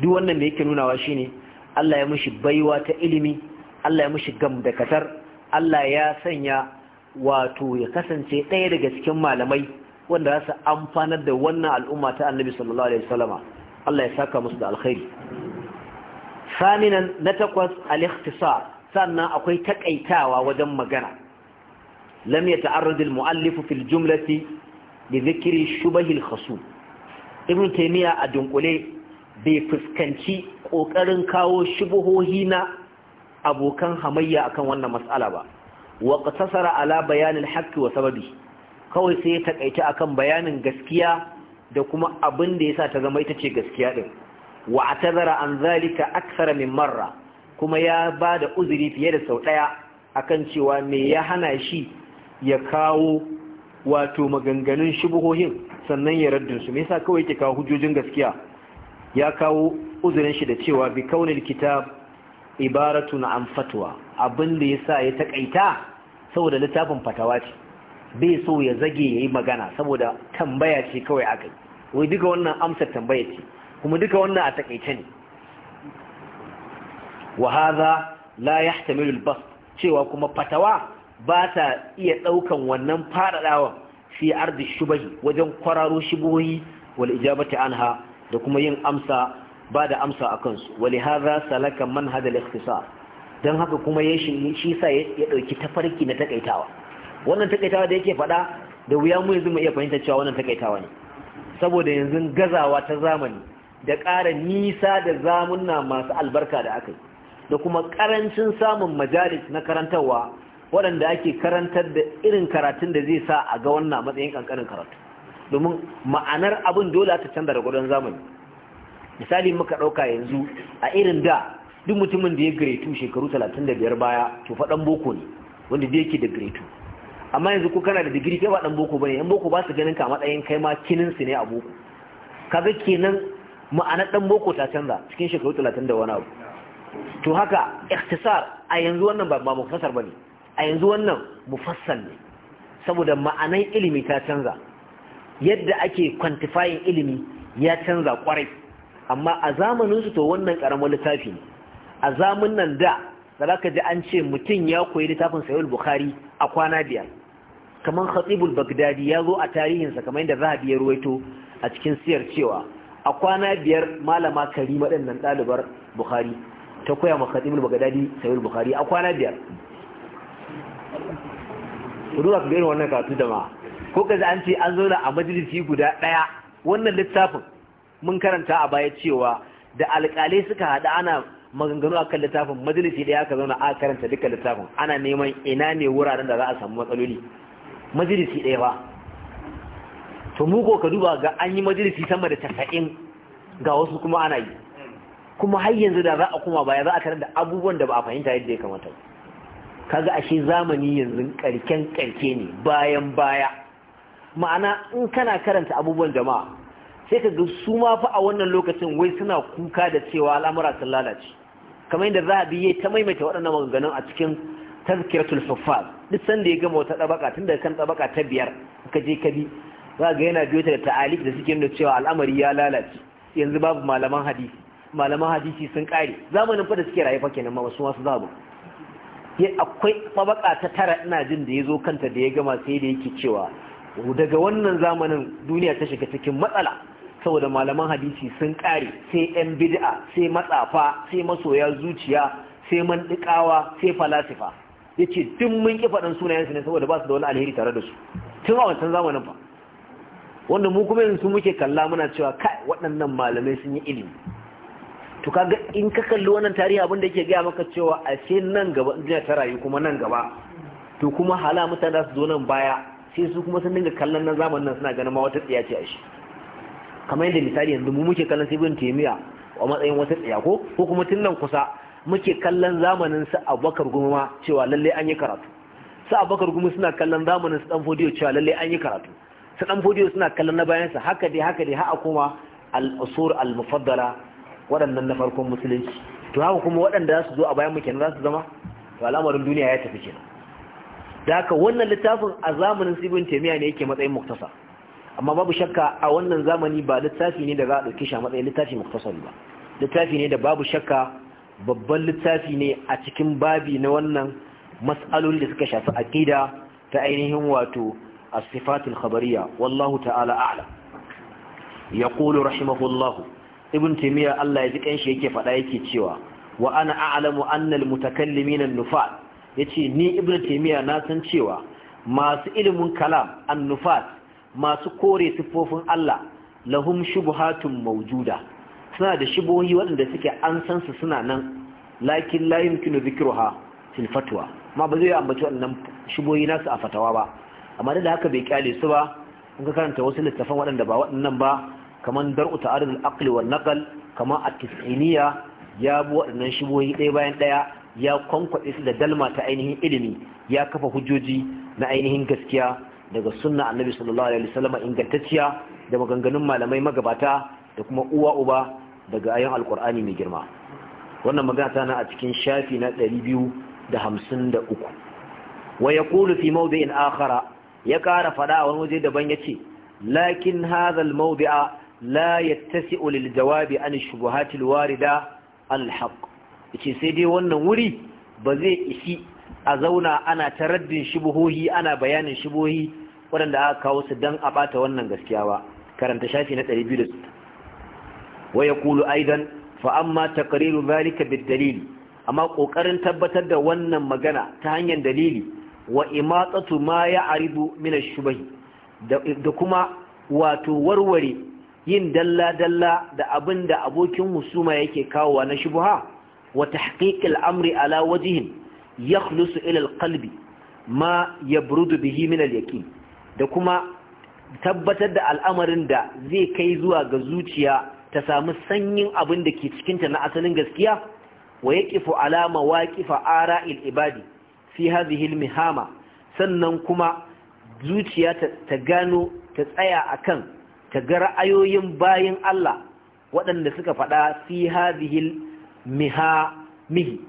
duk wannan da yake nunawa shine Allah ya mushi baiwa ta ilimi Allah ya da katar Allah ya sanya wato ya kasance ɗaya daga cikin malamai wanda za su amfanar da wannan al'umma ta annabi sallallahu alaihi wasallama Allah ya saka musu da alkhairi saminan na takwas al-ikhtisar sannan akwai takaitawa wajen magana lam yata'arrad al-mu'allif fi al-jumlati li dhikri shubah al ibn taymiya a dunkule bai fuskanci ƙoƙarin kawo shubuhohi na abokan hamayya akan wannan matsala ba wa qasara ala bayanin haqqi wa sababi kawai sai ya takaice akan bayanin gaskiya da kuma abin da yasa ta zama ita ce gaskiya din wa atazara an zalika akthara min marra kuma ya bada uzuri fiye da sau daya akan cewa me ya hana shi ya kawo wato maganganun shubuhohin sannan ya raddin su me yasa kawai yake kawo hujojin gaskiya ya kawo uzurin shi da cewa bi kaunil kitab ibaratun an fatwa abin da ya sa ya takaita saboda littafin fatawa ce bai so ya zage ya yi magana saboda tambaya ce kawai aka yi wai duka wannan amsar tambaya ce kuma duka wannan a takaice ne Wahaza hadha la yahtamilu al-bas cewa kuma fatawa ba ta iya daukan wannan faradawa fi ardi shubahi wajen kwararo shubuhi wal ijabati anha da kuma yin amsa ba da amsa a kansu wali haza salakan man hada ikhtisa don haka kuma ya shi sa ya ɗauki tafarki na takaitawa wannan takaitawa da yake faɗa da wuya mu yanzu mu iya fahimtar cewa wannan takaitawa ne saboda yanzu gazawa ta zamani da ƙara nisa da zamunna masu albarka da aka yi da kuma ƙarancin samun majalis na karantarwa waɗanda ake karantar da irin karatun da zai sa a ga wannan matsayin ƙanƙanin karatu domin ma'anar abin dole ta canza da gudun zamani misali muka ɗauka yanzu a irin da duk mutumin da ya gretu shekaru 35 baya to faɗan boko ne wanda da yake da gretu amma yanzu ko kana da digiri kai ba ɗan boko ne yan boko ba su ganin ka matsayin kai ma kinin su ne a boko kaga kenan ma'anar ɗan boko ta canza cikin shekaru 30 da wani abu to haka ikhtisar a yanzu wannan ba ba ne a yanzu wannan mufassal ne saboda ma'anar ilimi ta canza yadda ake kwantifayin ilimi ya canza kwarai amma a zamaninsu to wannan karamar littafi ne a zamanin nan da da za ka ji an ce mutum ya koyi littafin sayul bukhari a kwana biyar kamar khatibul bagdadi ya zo a tarihinsa kamar yadda zahabi ya ruwaito a cikin siyar cewa a kwana biyar malama karima ɗin nan ɗalibar bukhari ta koya ma khatibul bagdadi sayul bukhari a kwana biyar Ruwa ga wannan karatu da ma ko kaji an ce an zauna a majalisi guda ɗaya wannan littafin mun karanta a baya cewa da alƙalai suka haɗa ana maganganu akan littafin majalisi ɗaya aka zauna aka karanta duka littafin ana neman ina ne wuraren da za a samu matsaloli majalisi ɗaya ba to mu ko ka duba ga an yi majalisi sama da tasa'in ga wasu kuma ana yi kuma har yanzu da za a koma baya za a karanta abubuwan da ba a fahimta yadda ya kamata kaga ashe zamani yanzu karken karke ne bayan baya ma'ana in kana karanta abubuwan jama'a sai ka ga su ma fa a wannan lokacin wai suna kuka da cewa al'amura sun lalace kamar yadda a biye ta maimaita waɗannan maganganun a cikin tazkiratul huffaz duk sanda ya gama wata tabaka tun daga kan tabaka ta biyar ka je ka bi za ga yana biyo ta da ta'alif da suke nuna cewa al'amari ya lalace yanzu babu malaman hadisi malaman hadisi sun kare zamanin fa da suke rayuwa kenan ma wasu masu zabu akwai mabaka ta tara ina jin da ya zo kanta da ya gama sai da yake cewa daga wannan zamanin duniya ta shiga cikin matsala saboda malaman hadisi sun kare sai yan bid'a sai matsafa sai masoya zuciya sai mandikawa sai falasifa yace duk mun ki sunayen sunayensu ne saboda ba su da wani alheri tare da su tun a wancan zamanin fa wanda mu kuma yanzu muke kalla muna cewa kai waɗannan malamai sun yi ilimi to kaga in ka kalli wannan tarihi abin da yake gaya maka cewa ashe nan gaba in ta rayu kuma nan gaba to kuma hala mutane su zo nan baya sai su kuma sun dinga kallon na zamanin nan suna ganin ma wata tsiya ce a shi kamar yadda misali yanzu mu muke kallon sai bin taimiya a matsayin wata tsiya ko ko kuma tun nan kusa muke kallon zamanin su abubakar goma cewa lalle an yi karatu su abubakar guma suna kallon zamanin su dan fodiyo cewa lalle an yi karatu su dan fodiyo suna kallon na bayansa haka dai haka dai har a koma al-usur al-mufaddala waɗannan na farkon musulunci to haka kuma waɗanda za su zo a bayan mu kenan za su zama to al'amarin duniya ya tafi kenan da haka wannan littafin a zamanin ibn taimiyya ne yake matsayin muktasa, amma babu shakka a wannan zamani ba littafi ne da za a ɗauki shi a matsayin littafi muktasar ba littafi ne da babu shakka babban littafi ne a cikin babi na wannan mas'alolin da suka shafi aqida ta ainihin wato a sifat al wallahu ta'ala a'lam yaqulu rahimahullahu ibn taimiyya Allah ya ji kanshi yake faɗa yake cewa wa ana a'lamu anna al-mutakallimin nufat Ya ce ni ibn taimiyya na san cewa masu ilimin kalam annufat masu kore siffofin Allah lahum shubuhatun maujuda suna da shubuhi waɗanda suke an san su suna nan lakin layin yumkinu dhikruha fil fatwa ma ba zai ambaci waɗannan shubuhi nasu a fatawa ba amma da haka bai kyale su ba in ka karanta wasu littafan waɗanda ba waɗannan ba kamar dar'u ta'arud al-aqli wal naql kamar at-tis'iniya ya bu waɗannan shubuhi ɗaya bayan ɗaya ya kwankwaɗe su da dalma ta ainihin ilimi ya kafa hujjoji na ainihin gaskiya daga sunna annabi sallallahu alaihi wasallam ingantacciya da maganganun malamai magabata da kuma uwa uba daga ayan alkur'ani mai girma wannan magana ta na a cikin shafi na 253 wa yaqulu fi mawdi'in akhara ya kara fada a wani waje daban yace lakin hadha al-mawdi'a la yattasi'u lil jawabi an ash-shubuhat al-warida yace sai dai wannan wuri ba zai isi a zauna ana taraddin shibohi ana bayanin shibohi waɗanda aka kawo su dan a bata wannan gaskiya ba karanta shafi na 200 waya kulu aidan fa amma taqriru zalika bid-dalil amma kokarin tabbatar da wannan magana ta hanyar dalili wa imatsatu ma ya'ridu min ash-shubahi da kuma wato warware yin dalla dalla da abin da abokin husuma yake kawowa na shubha wa الأمر amri ala يخلص إلى القلب ما ma به bihi اليكين دكما da kuma tabbatar da al'amarin da zai kai zuwa ga zuciya ta samu sanyin abin da ke cikinta na asalin gaskiya wa yaqifu ala ara ara'il ibadi fi hadhihi mihama sannan kuma zuciya ta gano ta tsaya akan ta ga ra'ayoyin bayan Allah waɗanda suka faɗa fi hadhihi mihamihi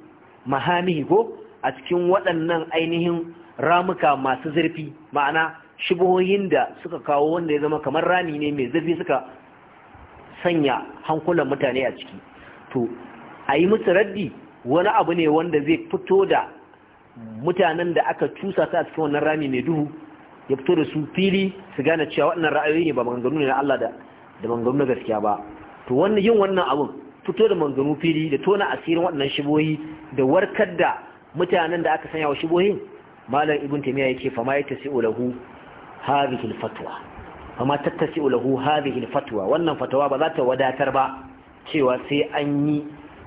mahamihi ko a cikin waɗannan ainihin ramuka masu zurfi ma'ana shibohin da suka kawo wanda ya zama kamar rami ne mai zurfi suka sanya hankulan mutane a ciki to a yi musu raddi wani abu ne wanda zai fito da mutanen da aka cusa su a cikin wannan rami mai duhu ya fito da su fili su gane cewa waɗannan ra'ayoyi ne ba maganganu ne na Allah da da maganganu na gaskiya ba to wannan yin wannan abun fito da manzanu fili da tona asirin waɗannan shiboyi da warkar da mutanen da aka sanya wa shibohin malam ibn taymiya yake fama yattasi'u lahu hadhihi al-fatwa fama tattasi'u lahu hadhihi al-fatwa wannan fatawa ba za ta wadatar ba cewa sai an yi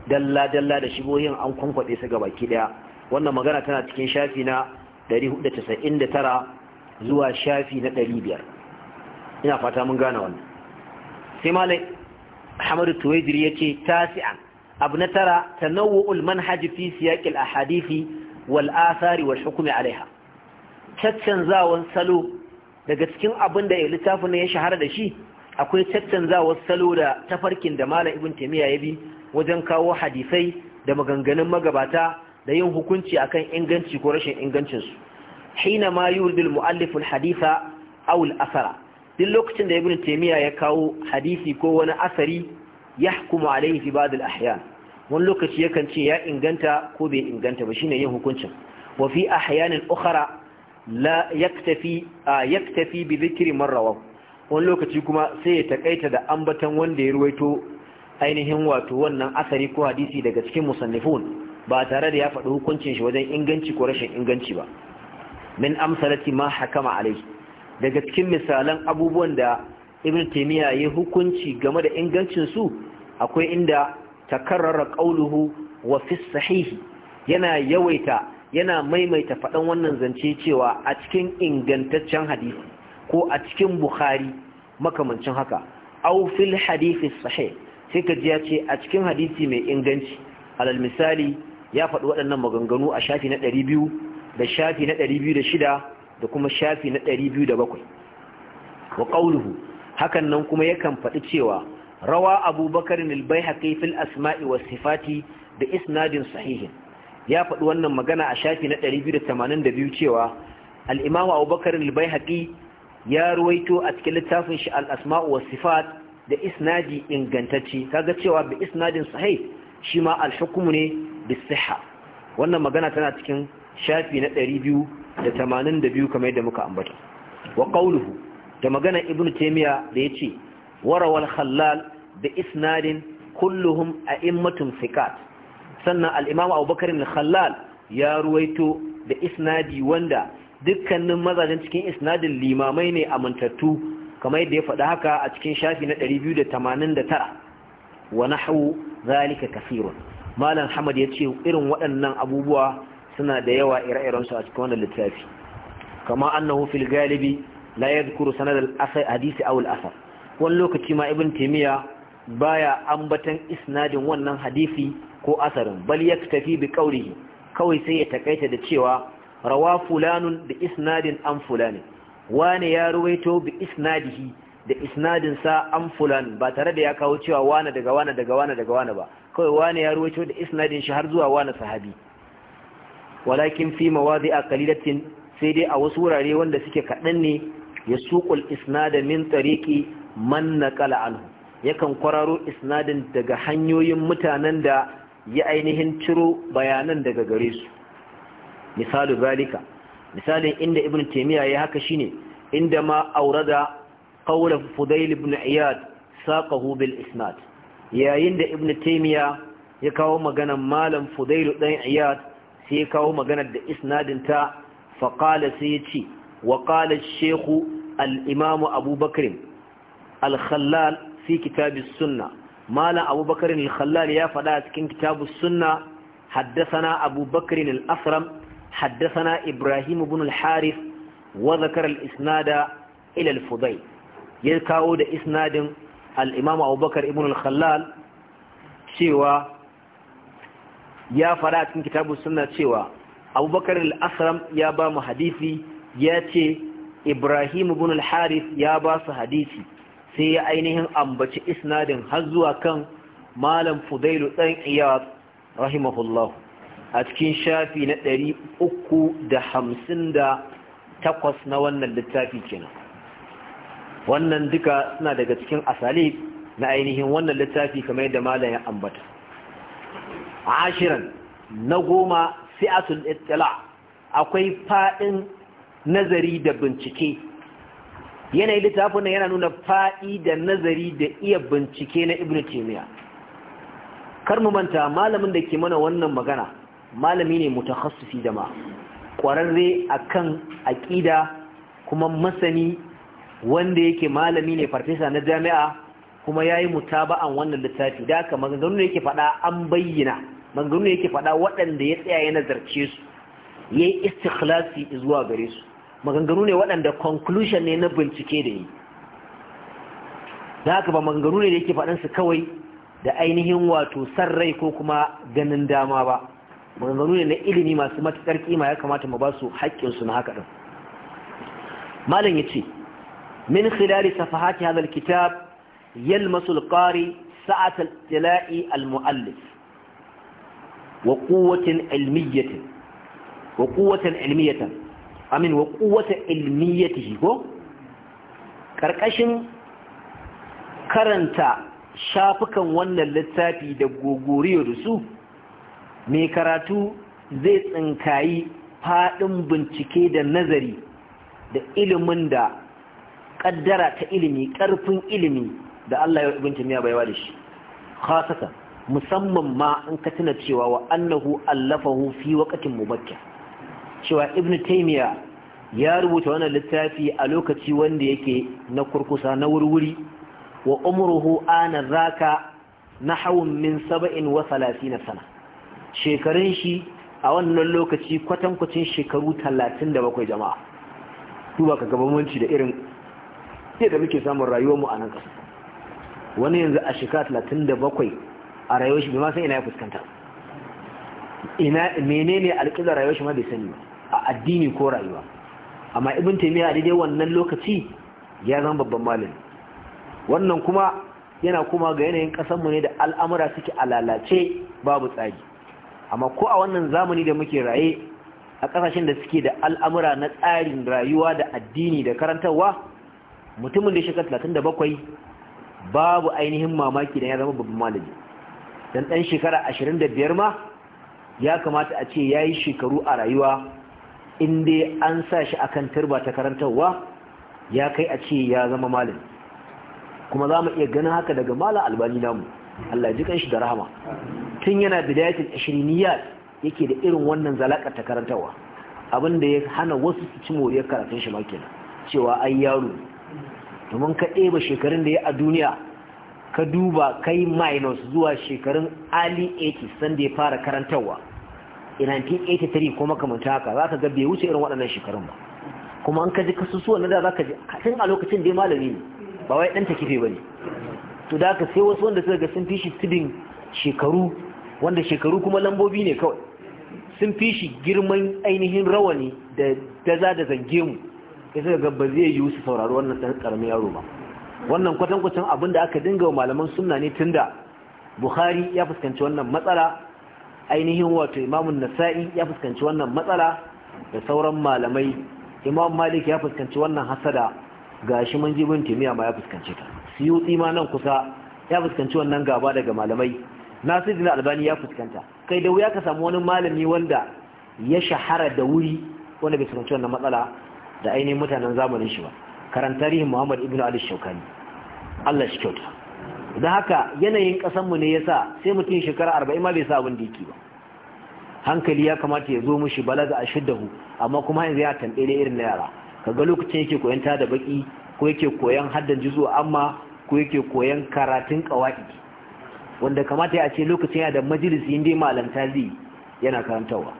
dalla dalla da shibohin an kwankwade su ga baki daya wannan magana tana cikin shafi na 499 zuwa shafi na 500 ina fata mun gane wannan sai malam Ahmadu Tuwaidir ya ce tasi'an abu na tara tanawu'ul manhaji fi siyaqil ahadithi wal athari wal hukmi alaiha caccanzawan salo daga cikin abin da littafin ya shahara da shi akwai caccanzawar salo da tafarkin da malam ibn taymiya ya bi wajen kawo hadisai da maganganun magabata da yin hukunci akan inganci ko rashin ingancin su hina ma yuridul muallif haditha aw al duk lokacin da ibn taymiya ya kawo hadisi ko wani asari yahkumu alaihi fi ba'd al-ahyan wani lokaci yakan ce ya inganta ko bai inganta ba shine yin hukuncin wa fi ahyanin ukhra la yaktafi yaktafi bi dhikri man wani lokaci kuma sai ya takaita da ambaton wanda ya ruwaito ainihin wato wannan asari ko hadisi daga cikin musannifun ba tare da ya faɗi hukuncin shi wajen inganci ko rashin inganci ba min amsalati ma hakama alaihi daga cikin misalan abubuwan da ibn taymiya ya hukunci game da ingancin su akwai inda takarrara qauluhu wa fi sahihi yana yawaita yana maimaita faɗan wannan zance cewa a cikin ingantaccen hadisi ko a cikin bukhari makamancin haka aw fil hadisi sahih sai ka ji ya ce a cikin hadisi mai inganci alal misali ya faɗi waɗannan maganganu a shafi na 200 da shafi na 206 da kuma shafi na 207 wa ƙaunuhu, hakan nan kuma yakan faɗi cewa rawa abubakar al-baihaqi fil asma'i wa sifati da isnadin sahihin ya faɗi wannan magana a shafi na 282 cewa al-imamu abubakar al-baihaqi ya ruwaito a cikin littafin shi al-asma'u wasifat sifat da isnadi ingantacce kaga cewa bi isnadin sahih shi ma al ne bi siha wannan magana tana cikin shafi na 282 kamar yadda muka ambata wa qawluhu da magana ibnu taymiya da yace warawal khallal da isnadin kulluhum a'immatun thiqat sannan al-imam abubakar al-khallal ya ruwaito da isnadi wanda dukkanin mazajen cikin isnadin limamai ne amintattu kamar yadda ya faɗa haka a cikin shafi na 289 wa nahwu zalika kaseerun malam hamad ce irin waɗannan abubuwa suna da yawa ire-iren su a cikin wannan littafi kama annahu fil galibi la yadhkuru sanad al asar hadisi aw al asar wani lokaci ma ibn timiya baya ambatan isnadin wannan hadisi ko asarin bal yaktafi bi qawlihi kawai sai ya takaita da cewa rawa fulanun da isnadin an fulani Wani ya ruwaito bi isnadihi da isnadin sa an fulan ba tare da ya kawo cewa wani daga wani daga wani daga wani ba kawai wani ya ruwaito da isnadin shi har zuwa wani sahabi walakin fi mawadi a kalilatin sai dai a wasu wurare wanda suke kaɗan ne ya suƙul isnada min tsariki man na anhu yakan kwararo isnadin daga hanyoyin mutanen da ya ainihin ciro bayanan daga gare su misalu zalika misalin inda ibn Taymiya ya haka shine inda ma aurada qawla fudail ibn iyad saqahu bil isnad yayin da ibn Taymiya ya kawo maganan malam fudailu dan iyad sai kawo maganar da isnadinta faƙala sai ya ce wa ƙala shekhu al’imamu abubakarin al-khallal fi kitabis sunna malam abubakarin al-khallal ya faɗa a cikin kitabis sunna haddasana abubakarin al-asram haddasana ibrahim ibn al-harif al-isnada ila fudai ya kawo da isnadin al-imamu abubakar ibn al-khallal cewa ya fara cikin kitabu suna cewa abubakar al-asram ya ba mu hadisi ya ce ibrahim ibn al ya ba su hadisi sai ya ainihin ambaci isnadin har zuwa kan malam fudailu dan iyad rahimahullah a cikin shafi na 358 na wannan littafi kenan wannan duka suna daga cikin asalib na ainihin wannan littafi kamar yadda malam ya ambata ashirin na goma fi'atul ittila akwai fadin nazari da bincike yanayin littafin nan yana nuna fadi da nazari da iya bincike na ibnu taymiya kar mu manta malamin da ke mana wannan magana malami ne mutakhassisi ma. kwararre akan aqida kuma masani wanda yake malami ne farfesa na jami'a kuma ya yi mutaba'an wannan littafi da haka maganganu ne yake faɗa an bayyana maganganu ne yake faɗa waɗanda ya tsaya ya nazarce su ya yi istikhlasi zuwa gare su maganganu ne waɗanda conclusion ne na bincike da yi da haka ba maganganu ne da yake su kawai da ainihin wato san rai ko kuma ganin dama ba maganganu ne na ilimi masu matuƙar kima ya kamata mu ba su haƙƙinsu na haka ɗin malam ya ce min khilali safahati hadal kitab يلمس القاري سعة اطلاع المؤلف وقوة علمية وقوة علمية أمين وقوة ko? Ƙarƙashin karanta shafukan wannan littafi da gogoriyo da su mai karatu zai tsinkayi faɗin bincike da nazari da ilimin da ƙaddara ta ilimi ƙarfin ilimi da Allah ya ibn miya baiwa da shi khasatan musamman ma an ka tuna cewa wa annahu allafahu fi waqtin mubakkar cewa ibn taymiya ya rubuta wannan littafi a lokaci wanda yake na kurkusa na wurwuri wa umruhu ana zaka nahawun min 37 sana shekarun shi a wannan lokaci kwatankwacin shekaru 37 jama'a duba ka gabamanci da irin da muke samun rayuwar mu a nan kasa wani yanzu a shekara talatin da bakwai a rayuwar shi bai san ina ya fuskanta ina menene alƙizar rayuwar shi ma bai sani a addini ko rayuwa amma ibn taymiya a daidai wannan lokaci ya zama babban malami wannan kuma yana kuma ga yanayin ƙasar mu ne da al'amura suke alalace babu tsari amma ko a wannan zamani da muke raye a ƙasashen da suke da al'amura na tsarin rayuwa da addini da karantarwa mutumin da shekara 37 babu ainihin mamaki da ya zama babban malami dan dan shekara 25 ma ya kamata a ce yayi shekaru a rayuwa in dai an sa shi akan turba ta karantarwa ya kai a ce ya zama malami kuma za mu iya ganin haka daga malam albani namu Allah ji kanshi da rahama tun yana bidayatul ashriniyat yake da irin wannan zalaka ta karantarwa abin da ya hana wasu su ci moriyar karatun shi ma kenan cewa ai yaro domin ka ɗeba shekarun da ya a duniya ka duba kai minus zuwa shekarun ali 80 sanda ya fara karantarwa in 1983 kuma kamanta haka za ka ga bai wuce irin waɗannan shekarun ba kuma an ka ji kasusuwan da za ka ji tun a lokacin da ya malami ne ba wai ɗan takife ba ne to da ka sai wasu wanda suka ga sun fishi shekaru wanda shekaru kuma lambobi ne kawai sun fishi girman ainihin rawani da daza da zange mu sai suka ga ba zai yiwu su saurari wannan ɗan ƙaramin yaro ba wannan kwatankwacin abin da aka dinga wa malaman sunna ne da bukhari ya fuskanci wannan matsala ainihin wato imamun nasa'i ya fuskanci wannan matsala da sauran malamai imam malik ya fuskanci wannan hasada gashi mun ji bin timiya ma ya fuskanci ta siyuti ma nan kusa ya fuskanci wannan gaba daga malamai nasiruddin albani ya fuskanta kai da wuya ka samu wani malami wanda ya shahara da wuri wanda bai fuskanci wannan matsala da ainihin mutanen zamanin shi ba karan tarihin Muhammad ibn Ali shaukani Allah shi kyauta don haka yanayin kasanmu ne ya sa sai mutum shekara arba'in ma bai sa abin da yake ba hankali ya kamata ya zo bala balaza a shiddahu amma kuma yanzu ya tambele irin na yara kaga lokacin yake koyan ta da baki ko yake koyan haddan jizo amma ko yake koyan karatun kawai wanda kamata ya ce lokacin ya da majalisi dai malam zai yana karantarwa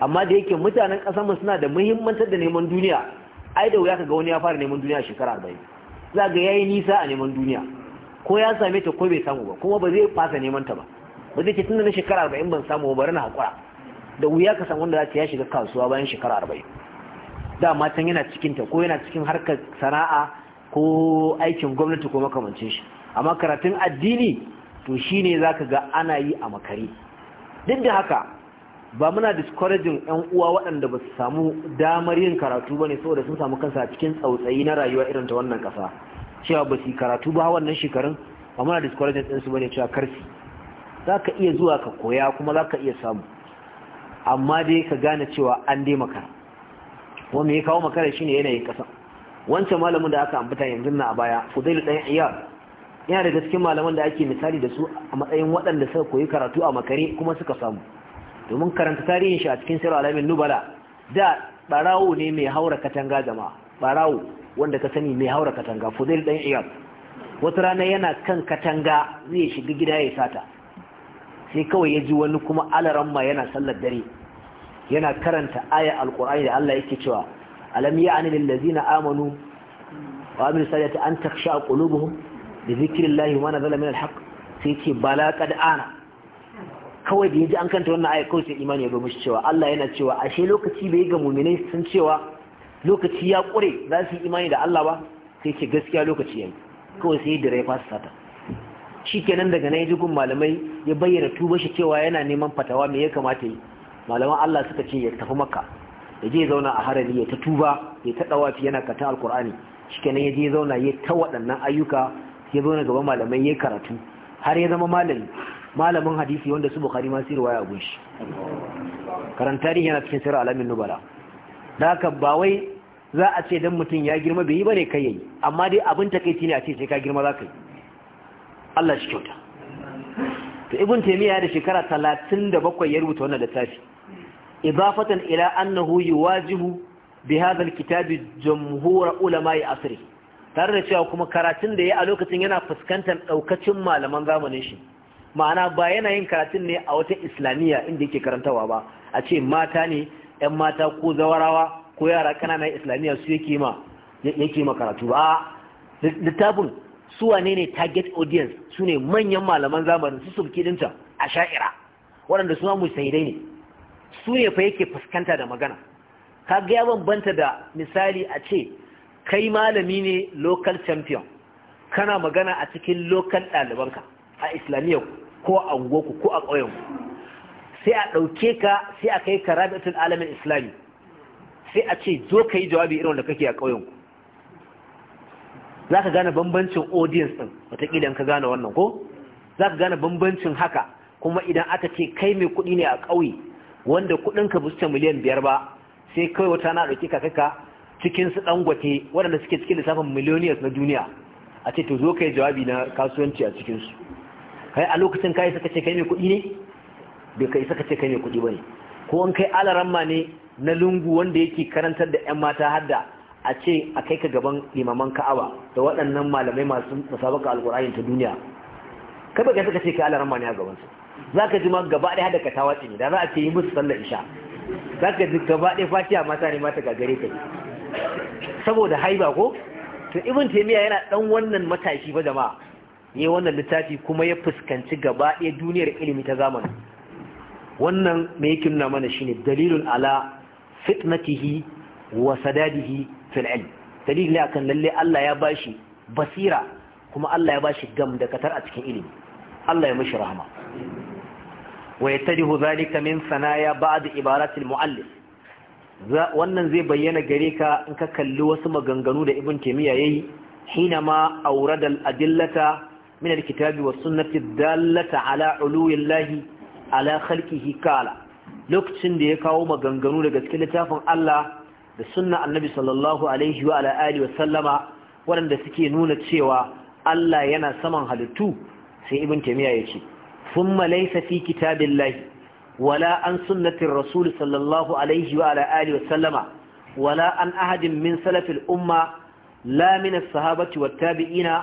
amma da yake mutanen mu suna da muhimmantar da neman duniya ai da wuya ka ga wani ya fara neman duniya shekara arba'in za ga yayi nisa a neman duniya ko ya same ta ko bai samu ba kuma ba zai fasa neman ta ba ba zai ce tunda na shekara arba'in ban samu ba bari na haƙura da wuya ka san wanda za ta ya shiga kasuwa bayan shekara arba'in da matan yana cikin ta ko yana cikin harkar sana'a ko aikin gwamnati ko makamancin shi amma karatun addini to shine zaka ga ana yi a makare duk da haka ba muna discouraging yan uwa waɗanda ba su samu damar yin karatu ba ne saboda sun samu kansa cikin tsautsayi na rayuwa irin ta wannan ƙasa cewa ba su yi karatu ba wannan shekarun ba muna discouraging ɗinsu ba ne cewa karfi za ka iya zuwa ka koya kuma za ka iya samu amma dai ka gane cewa an dai makara wanda ya kawo makara ne yanayin ƙasa wancan malamin da aka ambata yanzu na a baya fudail dan iyar yana da gaskin malaman da ake misali da su a matsayin waɗanda suka koyi karatu a makare kuma suka samu domin karanta tarihin shi a cikin sirar alamin nubala da barawo ne mai haura katanga jama'a barawo wanda ka sani mai haura katanga fuzail dan iyab wata rana yana kan katanga zai shiga gida ya sata sai kawai ya ji wani kuma alaran ma yana sallar dare yana karanta aya alkur'ani da Allah yake cewa alam ya'ni lil ladzina amanu wa amilu salihati an takhsha qulubuhum li dhikrillahi wa nazala min alhaq sai ce bala qad ana kawai da ya ji an kanta wannan aya kawai sai imani ya mishi cewa Allah yana cewa ashe lokaci bai ga muminai sun cewa lokaci ya kure za su yi imani da Allah ba sai ce gaskiya lokaci yayi kawai sai dire ya fasa sata kenan daga nan ya ji gun malamai ya bayyana tuba shi cewa yana neman fatawa me ya kamata yi malaman Allah suka ce ya tafi makka ya je zauna a harari ya ta tuba ya ta dawafi yana kata alkur'ani shikenan ya je zauna ya ta waɗannan ayyuka ya zo zauna gaban malamai ya karatu har ya zama malami malamin hadisi wanda su bukari masu ruwaya abun shi karanta ne yana cikin sirar alamin nubala da aka ba wai za a ce don mutum ya girma bai yi ba ne kai yayi amma dai abin ta takaici ne a ce sai ka girma za ka yi Allah shi kyauta to ibn taymiya da shekara talatin da bakwai ya rubuta wannan littafi idafatan ila annahu yuwajihu bi kitabi Jamhura jumhur ulama'i asri tare da cewa kuma karatun da ya a lokacin yana fuskantar daukacin malaman zamanin shi ma'ana ba yanayin karatun ne a wata islamiyya inda yake karantawa ba a ce mata ne yan mata ko zawarawa ko yara kananan islamiyya su yake ma yake ma karatu ba littafin su wane ne target audience su ne manyan malaman zamanin su sulki dinta a sha'ira waɗanda su mu sai ne su ne fa yake fuskanta da magana ka ga ya da misali a ce kai malami ne local champion kana magana a cikin local ɗalibanka a islamiyya ko a unguwarku ko a ƙauyenku sai a ɗauke ka sai a kai ka alamin islami sai a ce zo ka yi jawabi irin da kake a ƙauyenku za ka gane bambancin audience ɗin wataƙila ka gane wannan ko za ka gane bambancin haka kuma idan aka ce kai mai kuɗi ne a ƙauye wanda kuɗinka ba su miliyan biyar ba sai kawai wata na ɗauki ka kaka cikin su ɗangwate waɗanda suke cikin lissafin miliyoniyas na duniya a ce to zo kai jawabi na kasuwanci a cikinsu kai a lokacin kai saka ce kai mai kuɗi ne bai kai saka ce kai mai kuɗi bane ko an kai alaramma ne na lungu wanda yake karantar da yan mata hadda a ce a kai ka gaban limaman ka'aba da waɗannan malamai masu musabaka alƙur'ani ta duniya kai ba kai saka ce kai alaramma ne a gaban su zaka ji ma gaba ɗaya hadda ka tawace ne da za a ce yi musu sallar isha zaka ji gaba ɗaya fatiha mata ne mata gagare ka saboda haiba ko to ibn taymiya yana dan wannan matashi fa jama'a ya wannan littafi kuma ya fuskanci gaba ɗaya duniyar ilimi ta zamani wannan mai yake nuna mana shine dalilun ala fitnatihi wa sadadihi fil ilm dalil ne akan lalle Allah ya bashi basira kuma Allah ya bashi gam da katar a cikin ilimi Allah ya mishi rahama wa yattadihu zalika min sanaya ba'd ibaratil muallif wannan zai bayyana gare ka in ka kalli wasu maganganu da ibn taymiya yayi hina ma auradal adillata من الكتاب والسنة الدالة على علو الله على خلقه قال لوكتين دي يكاو مغانغانو daga cikin littafin Allah da sunna Annabi sallallahu alaihi wa ala alihi wa sallama waɗanda suke nuna cewa Allah yana saman halittu sai Ibn Taymiyyah yace thumma laysa fi kitabillahi wala an sunnatir rasul sallallahu alaihi wa ala alihi wa sallama wala an ahadin min salafil umma la min as-sahabati wat tabi'ina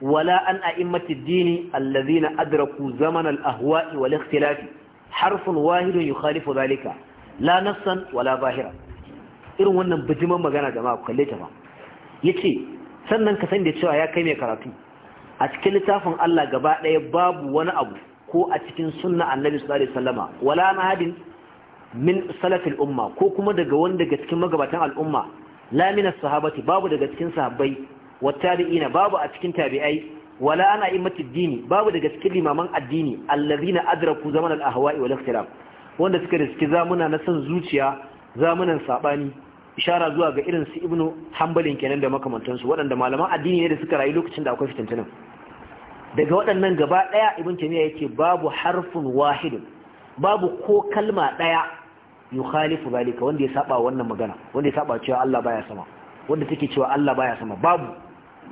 wala an a'immati dini allazina adraku zaman al-ahwa'i wal ikhtilaf harfun wahidun yukhalifu zalika la nassan wala irin wannan bijiman magana jama'a ku kalle ta ba yace sannan ka sani da cewa ya kai mai karatu a cikin littafin Allah gaba ɗaya babu wani abu ko a cikin sunna annabi sallallahu alaihi wasallama wala mahadin min salafil umma ko kuma daga wanda daga cikin magabatan al'umma la min sahabati babu daga cikin sahabbai wattabi'ina babu a cikin tabi'ai wala ana immatu dini babu daga cikin limaman addini allazina adraku zaman al-ahwa'i wal ikhtilaf wanda suka riski zamuna na san zuciya zamunan sabani ishara zuwa ga irin su ibnu hanbalin kenan da makamantansu waɗanda malaman addini ne da suka rayu lokacin da akwai fitintunan daga waɗannan gaba ɗaya ibn tamiya yake babu harfin wahidin babu ko kalma ɗaya yukhalifu zalika wanda ya saba wannan magana wanda ya saba cewa Allah baya sama wanda take cewa Allah baya sama babu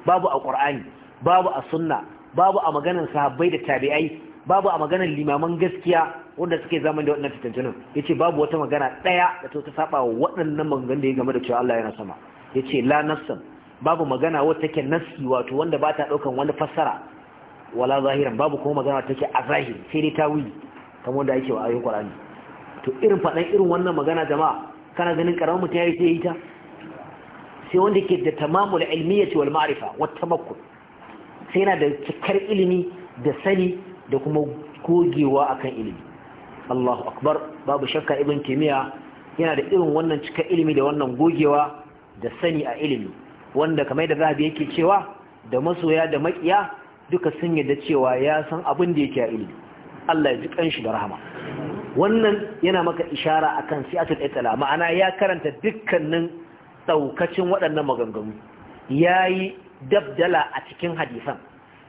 babu a ƙur'ani babu a sunna babu a maganar sahabbai da tabi'ai babu a maganar limaman gaskiya wanda suke zamani da waɗannan fitantunan ya ce babu wata magana ɗaya da ta saba wa waɗannan mangan da ya game da cewa Allah yana sama ya ce la nassan babu magana wata take nassi wato wanda ba ta ɗaukan wani fassara wala zahiran babu kuma magana take a zahiri sai dai ta wuyi kamar wanda ake wa ayoyin Qur'ani to irin faɗan irin wannan magana jama'a kana ganin karamin mutum yi ta sai wanda ke da tamamul ilmiyyati wal ma'rifa wat tamakkun sai yana da cikar ilimi da sani da kuma gogewa akan ilimi Allahu akbar babu shakka ibn kimiyya yana da irin wannan cikar ilimi da wannan gogewa da sani a ilimi wanda kamar da zabi yake cewa da masoya da makiya duka sun yadda cewa ya san abin da yake a ilimi Allah ya ji kanshi da rahama wannan yana maka ishara akan siyatul itala ma'ana ya karanta dukkanin ɗaukacin waɗannan maganganu ya yi dabdala a cikin hadisan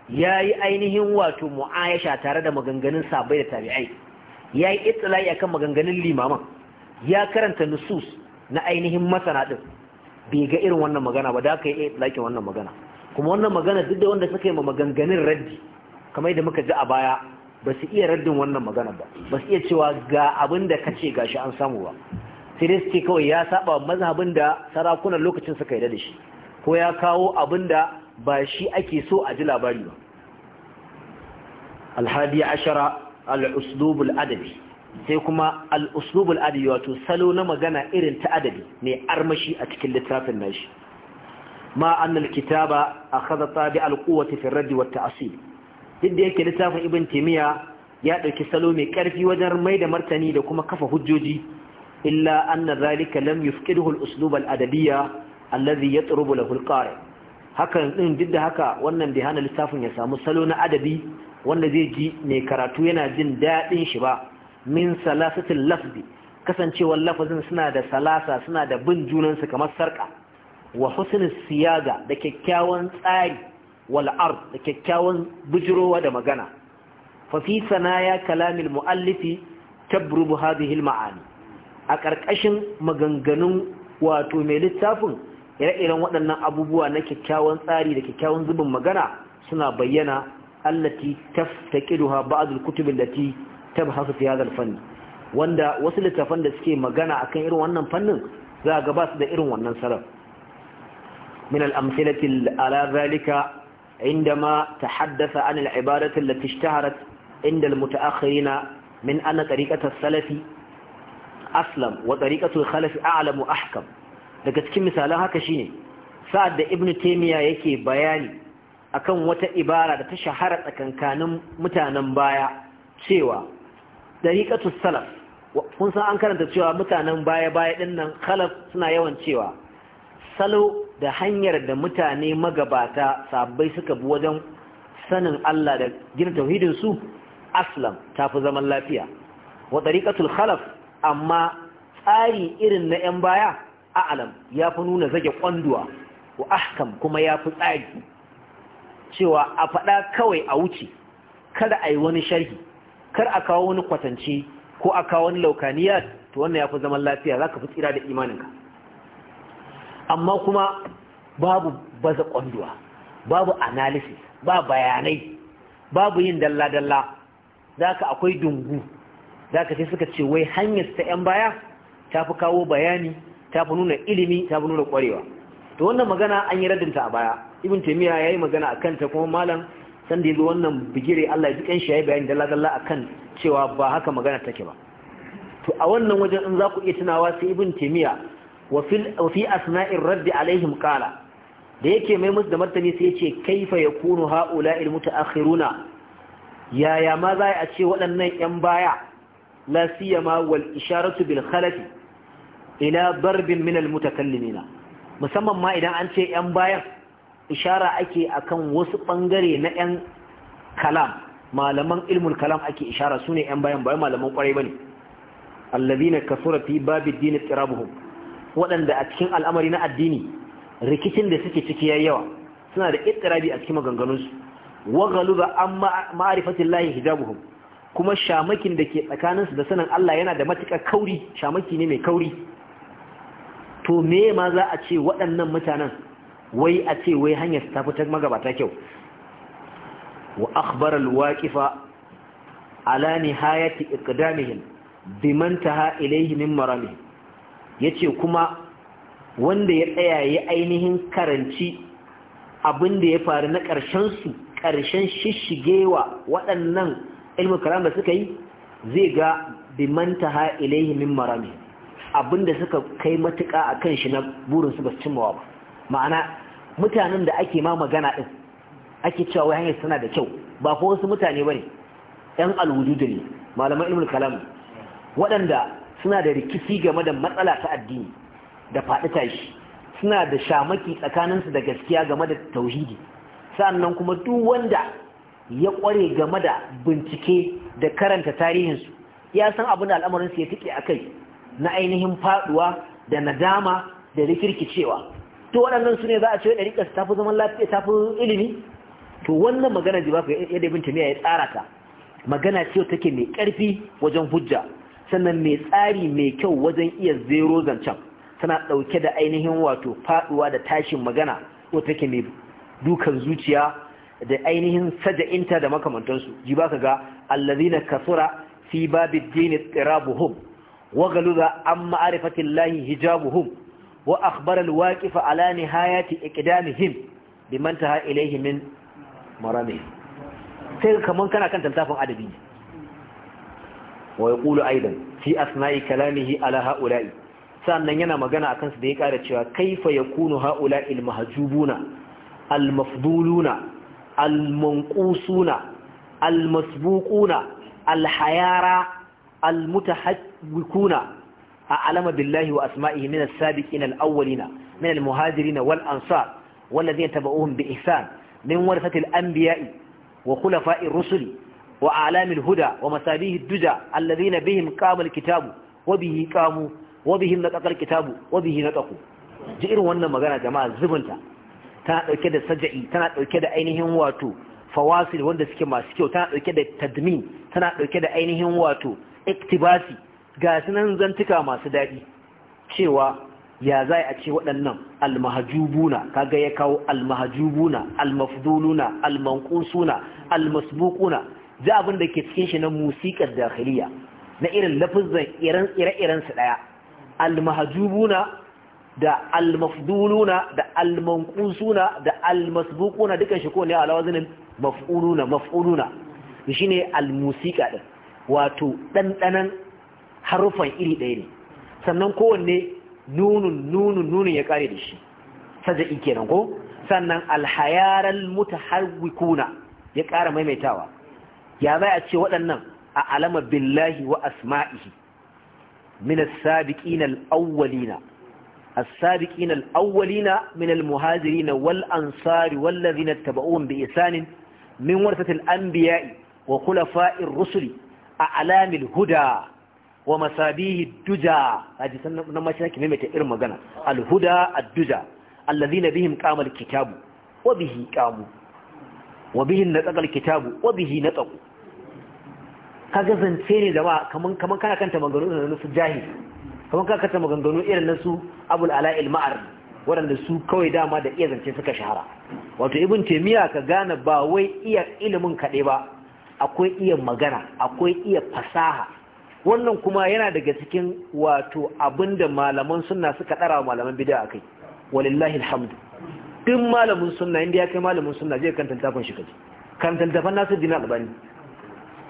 ya yi ainihin wato mu'ayasha tare da maganganun sabai da tabi'ai ya yi a akan maganganun limaman ya karanta nusus na ainihin masana ɗin bai ga irin wannan magana ba da aka yi itilakin wannan magana kuma wannan magana duk da wanda suka yi ma maganganun raddi kamar yadda muka ji a baya ba su iya raddin wannan magana ba ba su iya cewa ga abin da ka ce gashi an samu ba sai kawai ya saba mazhabin da sarakunan lokacin suka yarda da shi ko ya kawo abin da ba shi ake so a ji labari ba alhadi ashara al-uslubul adabi sai kuma al-uslubul adabi wato salo na magana irin ta adabi mai armashi a cikin littafin nashi ma annal kitaba a tabi al-quwwati fi ar wata wa duk da yake littafin ibn timiya ya ɗauki salo mai ƙarfi wajen mai da martani da kuma kafa hujjoji illa anna zalika lam yufqidhu al-uslub al-adabiyya alladhi yatrubu lahu al-qari din duk da haka wannan bai hana lissafin ya samu salo na adabi wanda zai ji mai karatu yana jin daɗin shi ba min salasatin lafzi kasancewar lafazin suna da salasa suna da bin junansu kamar sarƙa. wa husnul siyaga da kyakkyawan tsari wal ard da kyakkyawan bujirowa da magana fa fi sanaya kalamil muallifi tabrubu hadhihi al ma'ani a ƙarƙashin maganganun wato mai littafin ire-iren waɗannan abubuwa na kyakkyawan tsari da kyakkyawan zubin magana suna bayyana allati taftaqiduha ba'd al-kutub allati tabhasu fi hadha al fanni wanda wasu littafan da suke magana akan irin wannan fannin za ga ba su da irin wannan sarraf min al-amthilati ala zalika ta haddasa عن العبادة التي inda عند المتأخرين min ana طريقة salafi. aslam wa tariqatul khalaf a'lamu ahkam daga cikin misalan haka shine sa'ad da ibnu taymiya yake bayani akan wata ibara da ta shahara tsakankanin mutanen baya cewa tariqatul salaf kun san an karanta cewa mutanen baya baya din nan khalaf suna yawan cewa salo da hanyar da mutane magabata sabbai suka bi wajen sanin Allah da gina tauhidin su aslam tafi zaman lafiya wa tariqatul khalaf amma tsari irin na 'yan baya a alam ya fi nuna zage kwanduwa wa ahkam kuma ya fi tsari cewa a faɗa kawai a wuce kada a yi wani sharhi kar a kawo wani kwatance ko a kawo wani laukaniya to wannan ya fi zaman lafiya za ka fi tsira da imaninka amma kuma babu baza kwanduwa babu analysis ba bayanai babu yin dalla-dalla za ka akwai dungu za ka sai suka ce wai hanyar ta 'yan baya ta fi kawo bayani ta fi nuna ilimi ta fi nuna kwarewa to wannan magana an yi radinta a baya Ibin taimiyya ya yi magana a kanta kuma malam sanda da ya zo wannan bigire allah ya dukan shi ya yi bayani dalla-dalla a kan cewa ba haka magana take ba to a wannan wajen in za ku iya tunawa sai ibin taimiyya wa fi asna'in raddi alaihim qala da yake mai musu da martani sai ce kaifa yakunu ha'ula'il muta'akhiruna yaya ma za a ce waɗannan 'yan baya la siyama wal isharatu bil khalafi ila darbin min al mutakallimina musamman ma idan an ce yan bayan ishara ake akan wasu bangare na yan kalam malaman ilmul kalam ake ishara sune yan bayan bayan malaman kwarai bane allazina kasura fi babi dini tirabuhum waɗanda a cikin al'amari na addini rikicin da suke ciki yayi yawa suna da ittirabi a cikin maganganunsu wa galuba amma ma'rifatillahi hijabuhum kuma shamakin da ke tsakaninsu da sanin Allah yana da matuƙar kauri shamaki ne mai kauri to me ma za a ce waɗannan mutanen wai a ce wai hanyar su ta fita magabata kyau wa akhbar alwaqifa ala nihayati iqdamihim biman taha ilayhi min marami yace kuma wanda ya tsaya ya ainihin karanci abin da ya faru na ƙarshen su ƙarshen shishigewa waɗannan ilmin kalam da suka yi zai ga bimanta ha ilaihi min marami abinda suka kai matuka a kan shi na burinsu ba su cimmawa ba ma'ana mutanen da ake ma magana ɗin ake cewa wai hanyar suna da kyau ba ko wasu mutane ba ne ‘yan alwududu ne malaman ilmin kalam waɗanda suna da rikici game da matsala ta addini da faɗi tashi suna da shamaki tsakaninsu da gaskiya game da tauhidi sannan kuma duk wanda ya ƙware game da bincike da karanta tarihinsu ya san abin da al'amarinsu ya tike a kai na ainihin faduwa da nadama da rikirkicewa to waɗannan su ne za a ce da ta fi zaman lafiya ta ilimi to wannan magana ji ba ku yadda ibn tamiya ya tsara ta magana ce take mai ƙarfi wajen hujja sannan mai tsari mai kyau wajen iya zero zancen tana ɗauke da ainihin wato faɗuwa da tashin magana ko take mai dukan zuciya da ainihin saja'inta da makamantansu ji ba ka ga allazina kasura fi babid dini tsirabuhum wa galuza an ma'arifatin lahi hijabuhum wa akhbaral waqifa ala nihayati iqdamihim biman taha ilayhi min marami sai kaman kana kan tantafin adabi wa yaqulu aidan fi asna'i kalamihi ala ha'ula'i sannan yana magana akan su da ya kara cewa kaifa yakunu ha'ula'il mahjubuna al mafduluna al almasbuƙuna alhayara masbukuna al a alama billahi wa asma'i min al-sabiqin al-awwalina min al-muhajirin wal-ansar walladhina tabauhum bi ihsan min warathati al-anbiya'i wa khulafa'i ar-rusul wa a'lamil huda wa masabihi ad-duja alladhina bihim qama kitabu wa bihi qamu kitabu wa bihi naqaqu ji irin wannan magana jama'a zubunta tana ɗauke da saja'i tana ɗauke da ainihin wato fawasil wanda suke masu kyau tana ɗauke da tadmin tana ɗauke da ainihin wato iktibasi ga sunan zantuka masu daɗi cewa ya za a ce waɗannan almahajubuna kaga ya kawo almahajubuna almafduluna almanqusuna almasbuquna da abin da ke cikin shi na musikar dakhiliya na irin lafazan ire-iren su daya almahajubuna da almafduluna da almankusuna, da almasbukuna dukan shi ko ne ala wazanin maf'uluna maf'uluna shine almusika din wato dandanan harufan iri ɗaya ne sannan kowanne nunun nunun nunun ya kare da shi saja'i kenan ko sannan alhayaral mutahawwikuna ya kara maimaitawa ya bai a ce waɗannan a alama billahi wa asma'ihi min as-sabiqina al-awwalina السابقين الأولين من المهاجرين والأنصار والذين اتبعوهم بإحسان من ورثة الأنبياء وخلفاء الرسل أعلام الهدى ومصابيه الدجى هذه نما شنك ميمتا irin magana الهدى الدجى الذين بهم قام الكتاب وبه قاموا وبه نطق الكتاب وبه نطق kaga zance ne jama'a kaman kaman kana kanta maganganu na su jahili kamar ka kata maganganu irin na su abul ala'il ma'ar waɗanda su kawai dama da iya zance suka shahara wato ibn taymiya ka gane ba wai iya ilimin kaɗai ba akwai iya magana akwai iya fasaha wannan kuma yana daga cikin wato abinda malaman sunna suka ɗara wa malaman bida a kai walillahi alhamdu duk malamin sunna inda ya kai malamin sunna zai kan tantafin shi kaji kan tantafan nasu dina albani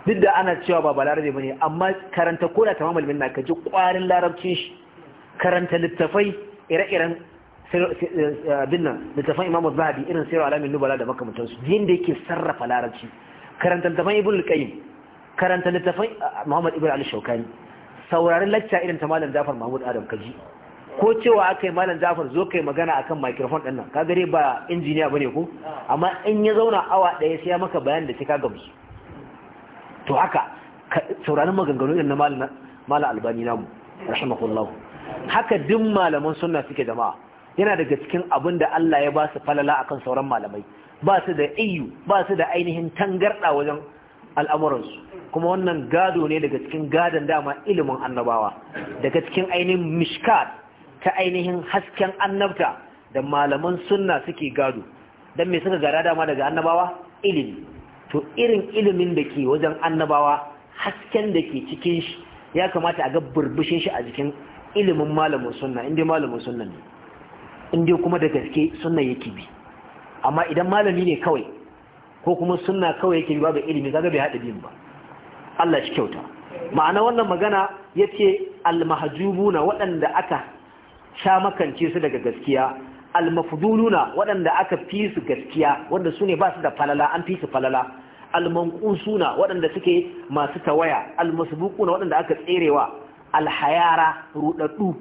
duk da ana cewa ba balarabe ne amma karanta ko da tamamul minna ka ji kwarin larabcin shi karanta littafai ire-iren eh, binnan littafan imamu zahabi irin sirar alamin nubala da makamantansu da yake sarrafa larabci karanta littafan ibn lukayin karanta littafan eh, muhammad ibn Ali shaukani saurarin lacca irin ta malam jafar mahmud adam kaji ko cewa aka yi malam jafar zo kai magana akan microphone ɗannan nan ka gare ba injiniya bane ko amma in ya zauna awa ɗaya sai ya maka bayan da sai ka gamsu to haka sauranin maganganu irin na mala albani namu rahimahullahu haka duk malaman sunna suke jama'a yana daga cikin abin da Allah ya ba su falala akan sauran malamai ba su da iyu ba su da ainihin tangarɗa wajen al'amuransu kuma wannan gado ne daga cikin gadon dama ilimin annabawa daga cikin ainihin mishkat ta ainihin hasken annabta da malaman sunna suke gado don me suka gara dama daga annabawa ilimi to irin ilimin da ke wajen annabawa hasken da ke cikin shi ya kamata a ga burbushin shi a jikin ilimin malamin sunna inda malamin sunna ne inda kuma da gaske sunna yake bi amma idan malami ne kawai ko kuma sunna kawai yake bi babu ilimi zaga bai hada biyun ba Allah shi kyauta ma'ana wannan magana ya yace almahjubuna waɗanda aka sha makance su daga gaskiya almafduluna waɗanda aka fi su gaskiya wanda su ne ba su da falala an fi su falala almanqusuna waɗanda suke masu tawaya almasbuquna waɗanda aka tserewa alhayara rudaddu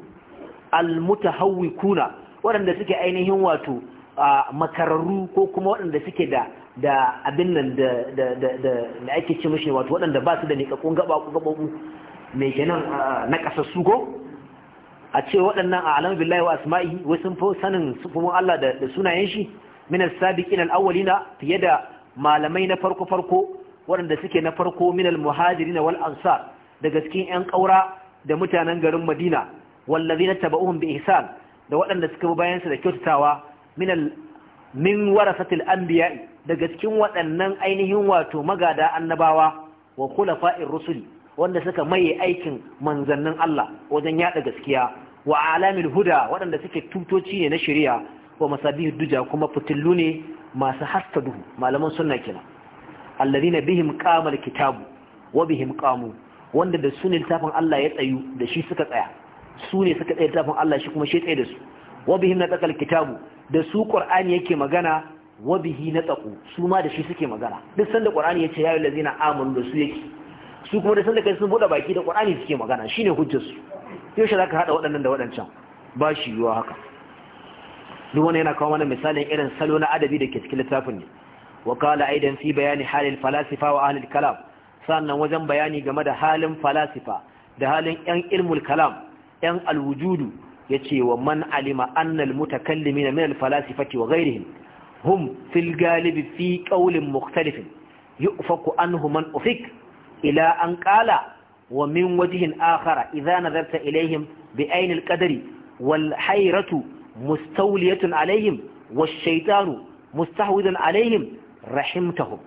almutahawwikuna waɗanda suke ainihin wato makararru ko kuma waɗanda suke da da abin nan da da da da ake ci mishi wato waɗanda ba su da niƙaƙƙun gaba ku gaba ku mai kenan na kasassu ko a ce waɗannan a billahi wa asma'i wai sun fi sanin sufumin Allah da sunayen shi min as-sabiqin al-awwalina fiye da malamai na farko farko waɗanda suke na farko minal muhajirin wal ansar daga cikin yan ƙaura da mutanen garin Madina na tabauhum bi ihsan da waɗanda suka bi bayan su da kyautatawa minal min warasatil anbiya daga cikin waɗannan ainihin wato magada annabawa wa khulafa'ir rusuli wanda suka maye aikin manzannin Allah wajen yada gaskiya wa alamil huda waɗanda suke tutoci ne na shari'a wa masabih duja kuma fitillu ne masu hasta duhu malaman sunna kenan na bihim qama kitabu wa bihim qamu wanda da su ne littafin Allah ya tsayu da shi suka tsaya su ne suka tsaya littafin Allah shi kuma shi tsaye da su wa bihim nataqa kitabu da su qur'ani yake magana wa bihi na tsaku su ma da shi suke magana duk sanda qur'ani yace ya ayyuhallazina amanu da su yake su kuma da sanda kai sun bude baki da qur'ani suke magana shine hujjar su yaushe zaka hada waɗannan da waɗancan ba shi yiwa haka duk wani yana kawo mana misalin irin salo na adabi da ke cikin littafin ne wa qala aidan fi bayani halil falasifa wa ahli kalam sannan wajen bayani game da halin falasifa da halin yan ilmul kalam yan alwujudu yace wa man alima anna almutakallimin min alfalasifati wa ghayrihim hum fil galibi fi qawlin mukhtalif yufaku anhu man ufik ila an qala wa min wajhin akhara idha nazarta ilayhim bi ayni alqadri wal hayratu مستولية عليهم والشيطان مستحوذ عليهم رحمتهم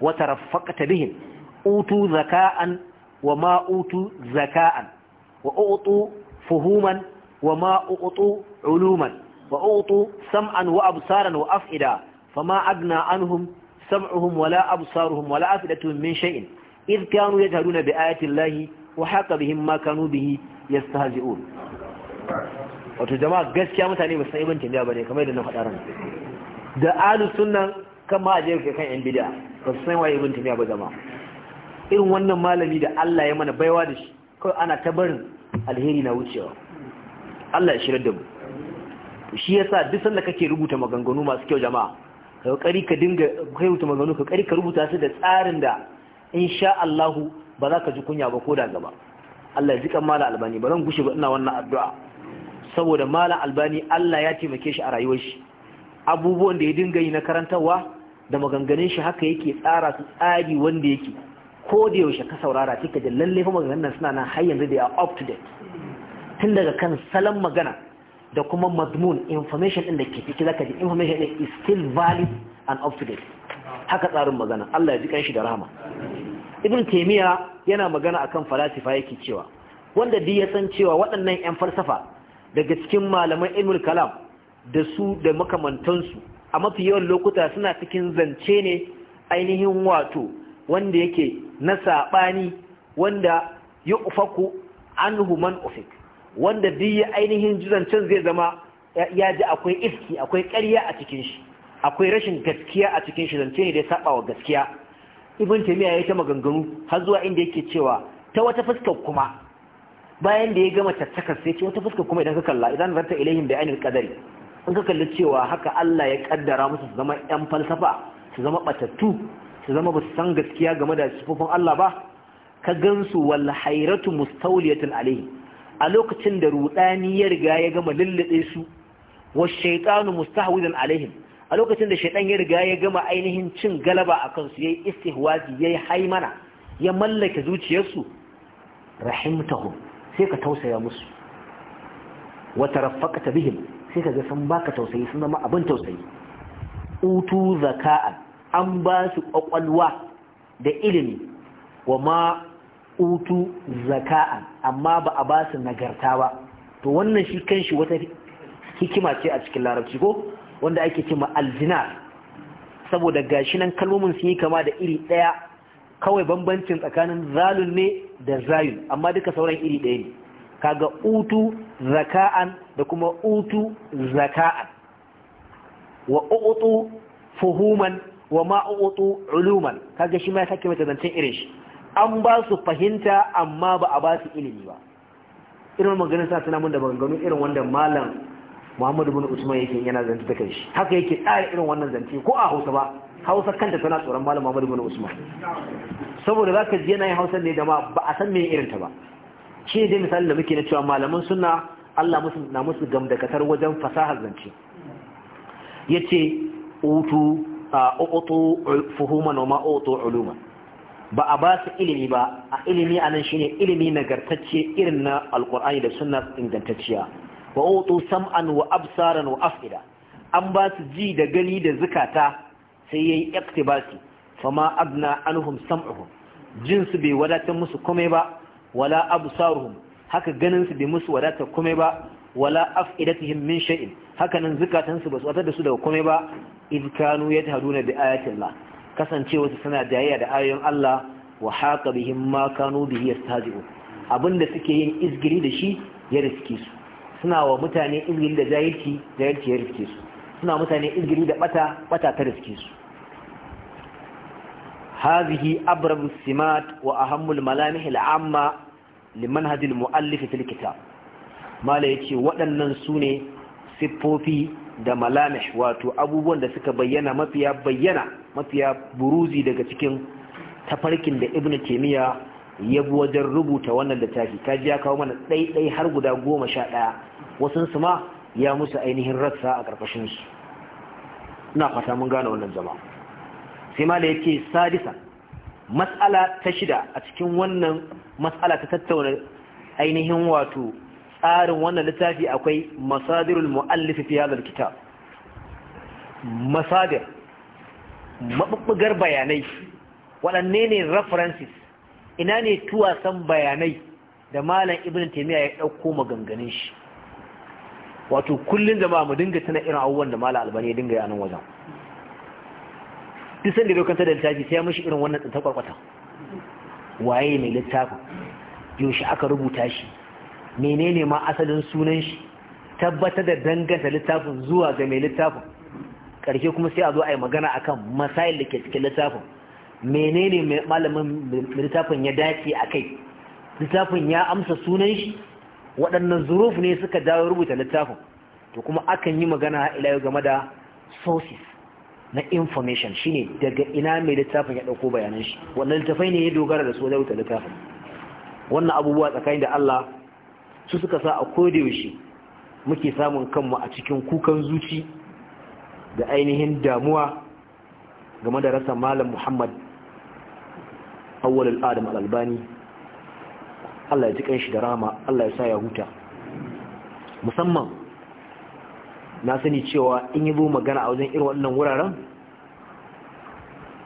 وترفقت بهم أوتوا ذكاء وما أوتوا ذكاء وأعطوا فهوما وما أعطوا علوما وأعطوا سمعا وأبصارا وأفئدة فما أغنى عنهم سمعهم ولا أبصارهم ولا أفئدتهم من شيء إذ كانوا يجهلون بآيات الله وحق بهم ما كانوا به يستهزئون wato jama'a gaskiya mutane ba san ibn ba bane kamar yadda na faɗa ran da alu sunnan kan ma aje kai kan yan bid'a ba su san waye ibn taymiya ba jama'a irin wannan malami da Allah ya mana baiwa da shi kai ana ta barin alheri na wucewa Allah ya shirar da mu shi yasa duk sanda kake rubuta maganganu masu kyau jama'a ka kokari ka dinga rubuta maganganu ka kokari ka rubuta su da tsarin da insha Allah ba za ka ji kunya ba ko da gaba Allah ya ji kan mala albani ba zan gushe ba ina wannan addu'a saboda malam albani Allah ya taimake shi a rayuwar shi abubuwan da ya dinga yi na karantarwa da maganganun shi haka yake tsara su tsari wanda yake ko da yaushe ka saurara kika da lalle fa maganganun nan suna nan har yanzu da ya up to date tun daga kan salon magana da kuma madmun information din da ke ciki zaka ji information din is still valid and up to date haka tsarin magana Allah ya ji shi da rahama ibn taymiya yana magana akan falasifa yake cewa wanda duk ya san cewa waɗannan 'yan falsafa daga cikin malaman ilmul kalam da su da makamantansu a mafi yawan lokuta suna cikin zance ne ainihin wato wanda yake na saɓani wanda ya ufaku an human ufik wanda duk ya ainihin zancen zai zama ya ji akwai iski akwai karya a cikin shi akwai rashin gaskiya a cikin shi zance ne da ya saba wa gaskiya ibn taymiya ya ta maganganu har zuwa inda yake cewa ta wata fuskar kuma bayan da ya gama tattakar sai ce wata fuska kuma idan ka kalla idan zanta ilaihim bi ainil qadari in ka kalli cewa haka Allah ya kaddara musu su zama yan falsafa su zama batattu su zama ba su san gaskiya game da sifofin Allah ba ka gansu wal hayratu mustawliyatun alayhi a lokacin da rudani ya riga ya gama lullube su wa shaytanu mustahwidan alaihim a lokacin da shaytan ya riga ya gama ainihin cin galaba akan su yayi istihwazi yayi haimana ya mallake zuciyarsu rahimtahum sai ka tausaya musu wata rafaka bihim sai ka ga sun baka tausayi sun zama abin tausayi utu zaka'a an ba su ƙwaƙwalwa da ilimi wa ma utu zaka'a amma ba a ba su nagarta ba to wannan shi kan shi wata hikima ce a cikin larabci ko wanda ake cima ma aljinar saboda gashi nan kalmomin sun yi kama da iri ɗaya kawai bambancin tsakanin zalun ne da zayun amma duka sauran iri ɗaya ne kaga utu zaka'an da kuma utu zaka'an wa utu fuhuman wa ma utu uluman kaga shi ma ya sake mai zancen irin shi an ba su fahimta amma ba a ba su ilimi ba irin maganin sa suna mun da maganganu irin wanda malam muhammadu bin usman yake yana zance ta kai shi haka yake tsara irin wannan zance ko a hausa ba hausa kanta tana tsoron malam muhammadu bin usman saboda za ka ji yana yin hausa ne da ma ba a san me irin ta ba shi dai misalin da muke na cewa malaman sunna Allah musu na musu gamdakatar wajen fasahar zance yace utu utu Fuhuma wa ma utu uluma ba a ba su ilimi ba a ilimi anan shine ilimi nagartacce irin na alqur'ani da sunna ingantacciya wa sam'an wa absaran wa afida an ba su ji da gani da zukata sai yayi iktibasi fama adna anhum sam'uhum jin su bai wadatar musu komai ba wala absaruhum haka ganin su bai musu wadatar komai ba wala afidatihim min shay'in haka nan zukatan su ba su da su daga komai ba id kanu yatahaduna bi ayati Allah kasancewa su suna jayayya da ayoyin Allah wa haqa bihim ma kanu bihi yastahzi'un abinda suke yin izgiri da shi ya riske su suna wa mutane izgiri da jahilci jahilci ya riske su suna mutane izgiri da bata bata ta riske su hazihi abram simat wa ahammul malamih al'amma liman hadil mu'allif fil kitab mala yace waɗannan sune siffofi da malamih wato abubuwan da suka bayyana mafiya bayyana mafiya buruzi daga cikin tafarkin da ibnu taymiya ya bi wajen rubuta wannan littafi ji ya kawo mana ɗaiɗai har guda goma sha ɗaya wasu su ma ya musu ainihin rassa a su. na fata mun gane wannan zama sai ma da yake sadisa matsala ta shida a cikin wannan matsala ta tattauna ainihin wato tsarin wannan littafi akwai masadirul mu'allif fi hadha kitab masadir mabubbugar bayanai waɗanne ne references ina ne tuwasan bayanai da malam ibn taimiyya ya ɗauko maganganun shi wato kullum jama'a mu dinga tana irin abubuwan da malam albani ya dinga yi a nan wajen duk sanda ya da littafi sai ya mishi irin wannan tsantar kwarkwata waye mai littafin yaushe aka rubuta shi menene ma asalin sunan shi tabbatar da danganta littafin zuwa ga mai littafin ƙarshe kuma sai a zo a yi magana akan masail da ke cikin littafin menene malamin littafin ya dace a kai littafin ya amsa sunan shi waɗannan zuruf ne suka dawo rubuta littafin to kuma akan yi magana ila game da sources na information shine daga ina mai littafin ya ɗauko bayanan shi wannan littafai ne ya dogara da su wajen littafin wannan abubuwa tsakanin da Allah su suka sa a kodayaushe muke samun kanmu a cikin kukan zuci da ainihin damuwa game da rasa malam Muhammad awwal al al'albani Allah ya ji kanshi da rama Allah ya sa ya huta musamman na sani cewa in yi zo magana a wajen irin wannan wuraren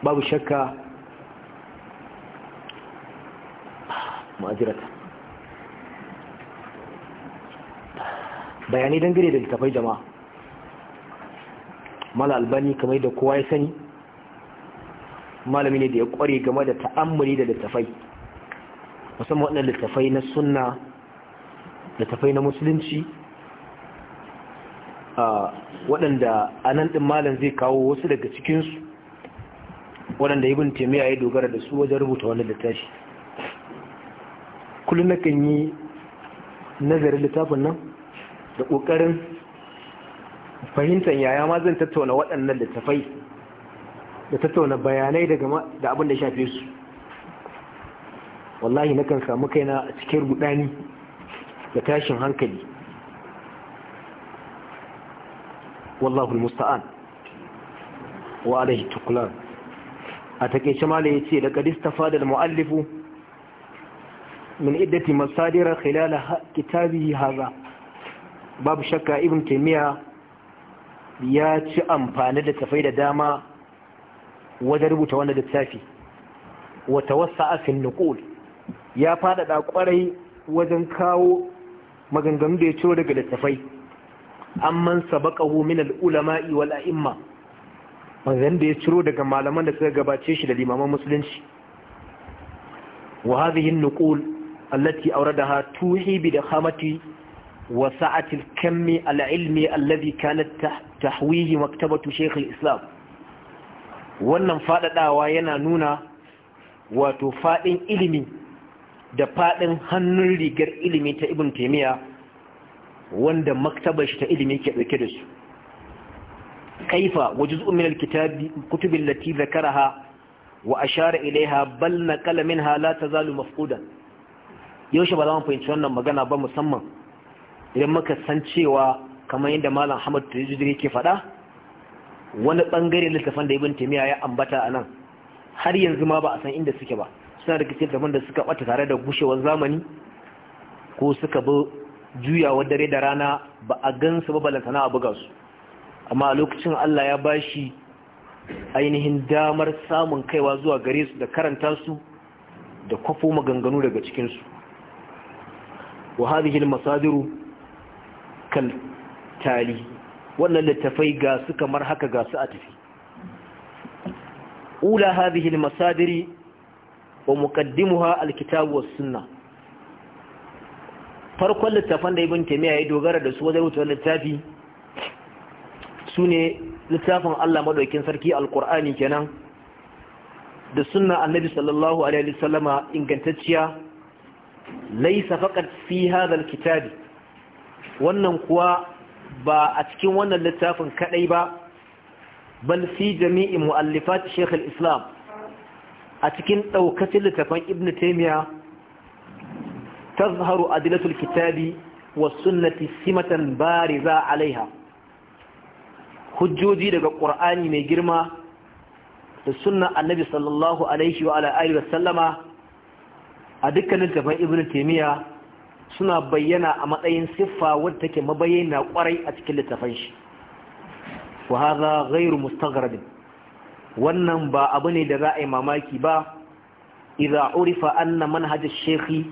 babu shakka ma'ajirata bayanai dangane da littafai jama'a mala albani kamar da kowa ya sani malami ne da ya kware game da ta'ammuli da littafai musamman waɗannan littafai na sunna littafai na musulunci waɗanda a nan ɗin malam zai kawo wasu daga cikinsu waɗanda ibn taimiyya ya dogara da su wajen rubuta wani littafi kullum na kan yi nazarin littafin nan da ƙoƙarin fahimtar yaya ma zan tattauna waɗannan littafai da tattauna bayanai daga da abin da shafe su wallahi na kan samu kaina a cikin rudani da tashin hankali wallahu musta'an wa alaihi tukulan a takeice mala ce da kadistafa mu'alifu. muallifu min iddati masadirar khilala kitabi haza babu shakka ibn taymiya ya ci amfani da tafai da dama wajen rubuta wannan littafi wata tawassa'a fil nuqul ya faɗaɗa kwarai wajen kawo maganganu da ya ciro daga littafai amman sabaqahu min al-ulama'i wal a'imma magan da ya ciro daga malaman da suka gabace shi da limaman musulunci wa hadhihi an-nuqul allati awradaha tuhi bi dakhamati wa sa'ati al-kammi al-ilmi alladhi kanat tahwihi maktabatu shaykh al-islam wannan faɗaɗawa yana nuna wato faɗin ilimi da faɗin hannun rigar ilimi ta ibn taimiyya wanda maktabar shi ta ilimi ke ɗauke da su kaifa wa umar min kutubin lati zakara ha wa share ilaiha bal naqala minha la tazalu mafqudan yaushe ba za mu fahimci wannan magana ba musamman idan muka san cewa kamar yadda malam Ahmad jirgin ke faɗa wani bangare littafan da ibn taymiya ya ambata a nan, har yanzu ma ba a san inda suke ba suna da littafan da suka ɓata tare da gushewar zamani ko suka bi juyawar dare da rana ba a gansu ba balanta a buga su amma a lokacin Allah ya bashi ainihin damar samun kaiwa zuwa gare su da karanta su da kwafo maganganu daga cikin su wa hadhihi al-masadiru kal tali wannan littafai ga su kamar haka ga su a tafi ula hadhihi al-masadiri wa muqaddimuha al-kitab was sunnah farkon littafan da ibn taymiya ya dogara da su wajen rubuta littafi sune littafin Allah madaukin sarki al-qur'ani kenan da sunna annabi sallallahu alaihi wasallama ingantacciya laysa faqat fi hadha al wannan kuwa ba a cikin wannan littafin kadai ba bal fi jami'i mu'allifat Sheikh al-Islam a cikin daukacin littafin Ibn Taymiyyah tazharu adilatul kitabi was sunnati simatan bariza alaiha hujjoji daga Qur'ani mai girma da sunna Annabi sallallahu alaihi wa alihi wa sallama a dukkanin littafin Ibn Taymiyyah suna bayyana a matsayin siffa wadda take mabayyana kwarai a cikin littafan shi wa hadha ghairu mustaghrab wannan ba abu ne da za a yi mamaki ba idza urifa anna manhaj ash-shaykhi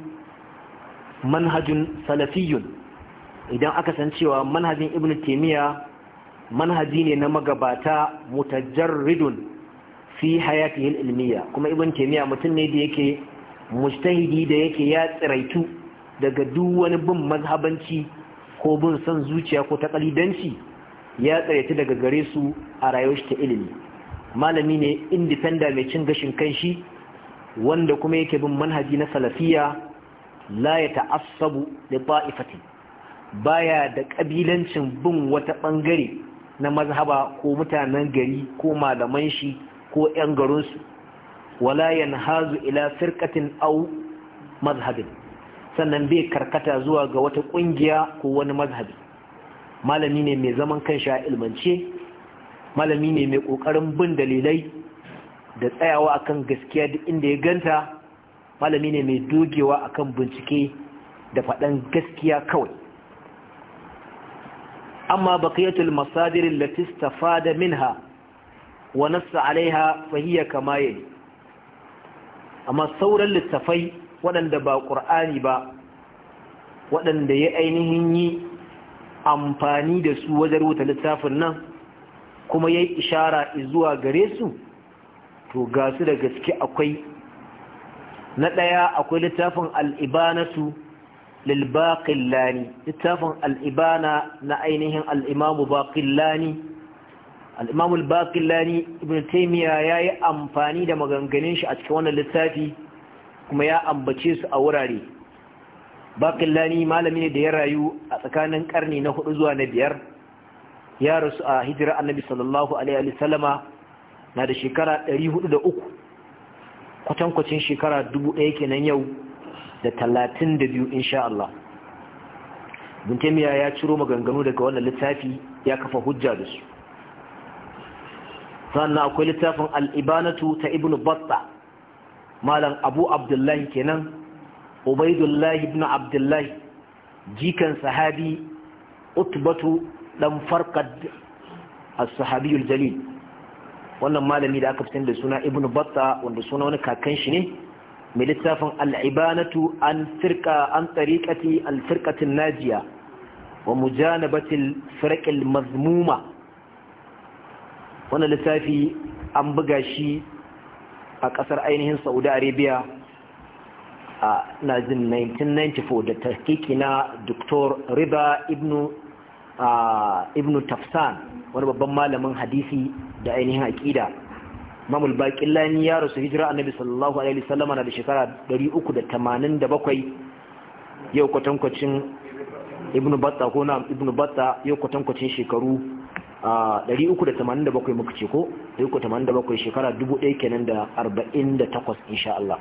manhajun salafiyyun idan aka san cewa manhajin ibnu taymiya manhaji ne na magabata mutajarridun fi hayatihi al-ilmiya kuma ibnu taymiya mutum ne da yake mujtahidi da yake ya tsiraitu daga duk wani bin mazhabanci ko bin son zuciya ko takalidanci ya tsayatu daga gare su a rayuwar ta ilimi malami ne indifenda mai cin gashin kanshi wanda kuma yake bin manhaji na salafiya la ya ta'assabu da ta'ifati baya da ƙabilancin bin wata ɓangare na mazhaba ko mutanen gari ko malaman shi ko 'yan garinsu wala yanhazu ila firqatin aw mazhabin sannan bai karkata zuwa ga wata kungiya ko wani mazhabi malami ne mai zaman kanshi a ilmance malami ne mai kokarin bin dalilai da tsayawa akan gaskiya duk inda ya ganta malami ne mai dogewa akan bincike da faɗan gaskiya kawai amma baqiyatul masadir allati istafada minha wa nassa alaiha fa hiya kama yali amma sauran littafai waɗanda ba ƙur'ani ba waɗanda ya ainihin yi amfani da su wajen rubuta littafin nan kuma ya yi ishara zuwa gare su to ga su da gaske akwai na ɗaya akwai littafin al'ibana lilbaƙin lilbaƙillani littafin al'ibana na ainihin al'imamu baƙillani al'imamu baƙillani ibn taimiyya ya yi amfani da maganganun shi a cikin wannan littafi kuma ya ambace su a wurare bakin lani malami ne da ya rayu a tsakanin karni na hudu zuwa na biyar ya rasu a hijira annabi sallallahu alaihi wa sallam, na da shekara 403 kwatankwacin shekara 1000 kenan yau da 32 insha Allah Buntemiya ya ciro maganganu daga wannan littafi ya kafa hujja da su sannan akwai littafin al'ibanatu ta ibnu batta malam abu abdullahi kenan ubaidullahi ibn abdullahi jikan sahabi utbatu dan farkad as-sahabiyul jalil wannan malami da aka fi da suna ibn batta wanda suna wani kakan shi ne mai littafin al'ibanatu an firka an tsariƙati alfirƙatin najiya wa mujanabatil firƙil mazmuma wannan littafi an buga shi a ƙasar ainihin saudi arabia a najin 1994 da tahkiki na dr riba ibn tafsan wani babban malamin hadisi da ainihin aƙida mamul baƙin lani ya rasu hijira annabi sallallahu alaihi na da shekara 387 yau kwatankwacin ibnu batta ko na ibnu batta yau kwatankwacin shekaru a 387 muka ce ko 387 shekara 1000 kenan da 48 insha Allah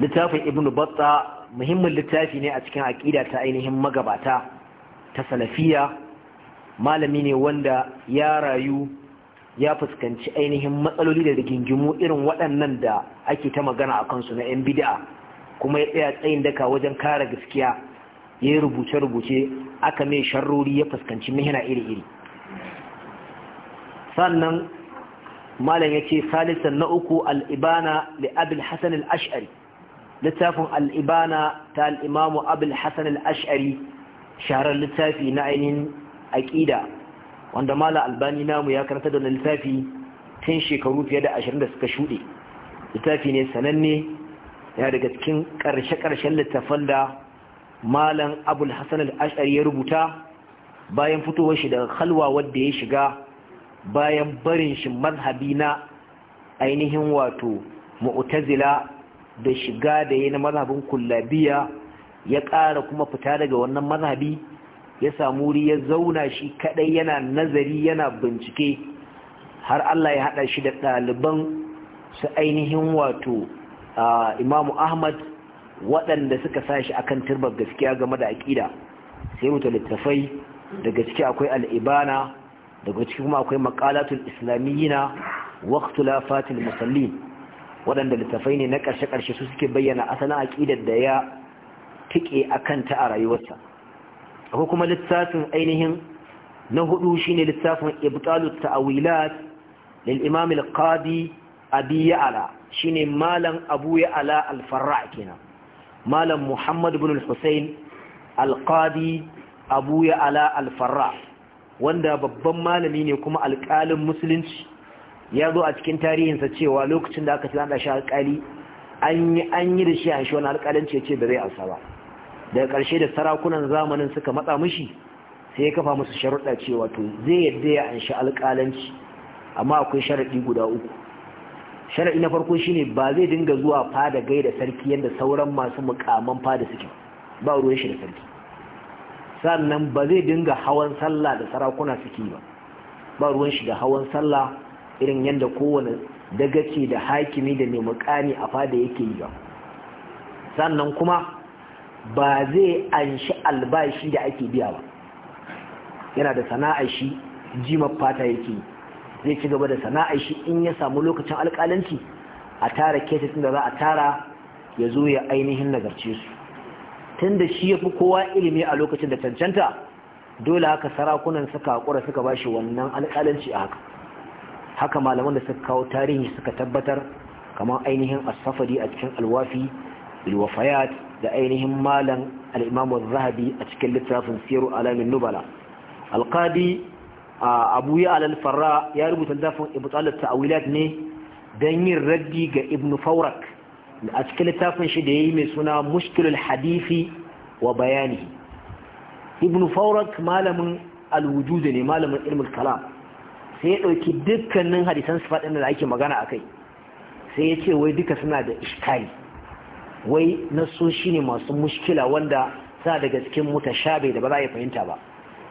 littafin ibnu batta muhimmin littafi ne a cikin aƙida ta ainihin magabata ta salafiya malami ne wanda ya rayu ya fuskanci ainihin matsaloli da rigingimu irin waɗannan da ake ta magana a kansu na 'yan bida, kuma ya tsaya tsayin daka wajen kare gaskiya ya yi rubuce-rubuce aka mai sharrori ya fuskanci mihina iri-iri sannan malam ya ce salisan na uku al'ibana da abin hassan al'ash'ari littafin al'ibana ta al'imamu abin hassan al'ash'ari sharar littafi na ainihin aƙida wanda malam albani namu ya karanta da littafi tun shekaru fiye da ashirin da suka shuɗe littafi ne sananne ya daga cikin ƙarshe-ƙarshen littafan da malam abul hasan al-ash'ari ya rubuta bayan fitowar shi daga khalwa wanda ya shiga bayan barin shi mazhabi na ainihin wato mu'tazila da shiga da yana mazhabin kullabiya ya ƙara kuma fita daga wannan mazhabi ya samu wuri ya zauna shi kadai yana nazari yana bincike har Allah ya hada shi da ɗaliban su ainihin wato imamu ahmad waɗanda suka sashi akan turbar gaskiya game da aƙida sai mutu littafai daga ciki akwai al'ibana daga ciki kuma akwai makalatul islamiyyina waqtulafatil musallin waɗanda littafai ne na ƙarshe-ƙarshe su suke bayyana asalin aƙidar da ya tike akan ta a rayuwarsa akwai kuma littafin ainihin na hudu shine littafin ibtalut ta'awilat lil imam al-qadi abi ya'ala shine malam abu ya'ala al-farra kenan malam muhammad bin al-hussein alƙadi abu ya ala alfarra wanda babban malami ne kuma alƙalin musulunci ya zo a cikin tarihinsa cewa lokacin da aka ci shi alƙali an yi da shi a shi wani alƙalanci ya ce da zai ansa ba daga ƙarshe da sarakunan zamanin suka matsa mishi sai ya kafa musu sharuɗa cewa to zai yadda ya anshi alƙalanci amma akwai sharaɗi guda uku shari'i na farko shine ba zai dinga zuwa fada gaida sarki yadda sauran masu mukaman fada suke ba ruwan shi da sarki sannan ba zai dinga hawan sallah da sarakuna suke ba ba ruwan shi da hawan sallah irin yadda kowane dagaci da hakimi da mai mukami a fada yake yi ba sannan kuma ba zai anshi albashi da ake biya ba yana da sana'a shi jimar fata yake yi zai ci gaba da sana'ar shi in ya samu lokacin alƙalanci a tara kesis da za a tara ya zo ya ainihin nagarce su tun da shi ya fi kowa ilimi a lokacin da cancanta dole haka sarakunan suka haƙura suka ba shi wannan alƙalanci a haka haka malaman da suka kawo tarihi suka tabbatar kamar ainihin asafari a cikin alwafi ilwafayat da ainihin malam al'imamu zahabi a cikin littafin siyaru alamin nubala alƙadi abu ya alal farra ya rubuta littafin ibtal ta'wilat ne dan yin raddi ga ibn fawrak a cikin littafin shi da yayi mai suna mushkilul hadisi wa bayani ibn Faurak malamin alwujud ne malamin ilmul kalam sai ya dauki dukkanin hadisan sifat da ake magana akai sai ya ce wai duka suna da iskali wai shi ne masu mushkila wanda sa daga cikin mutashabe da ba za a fahimta ba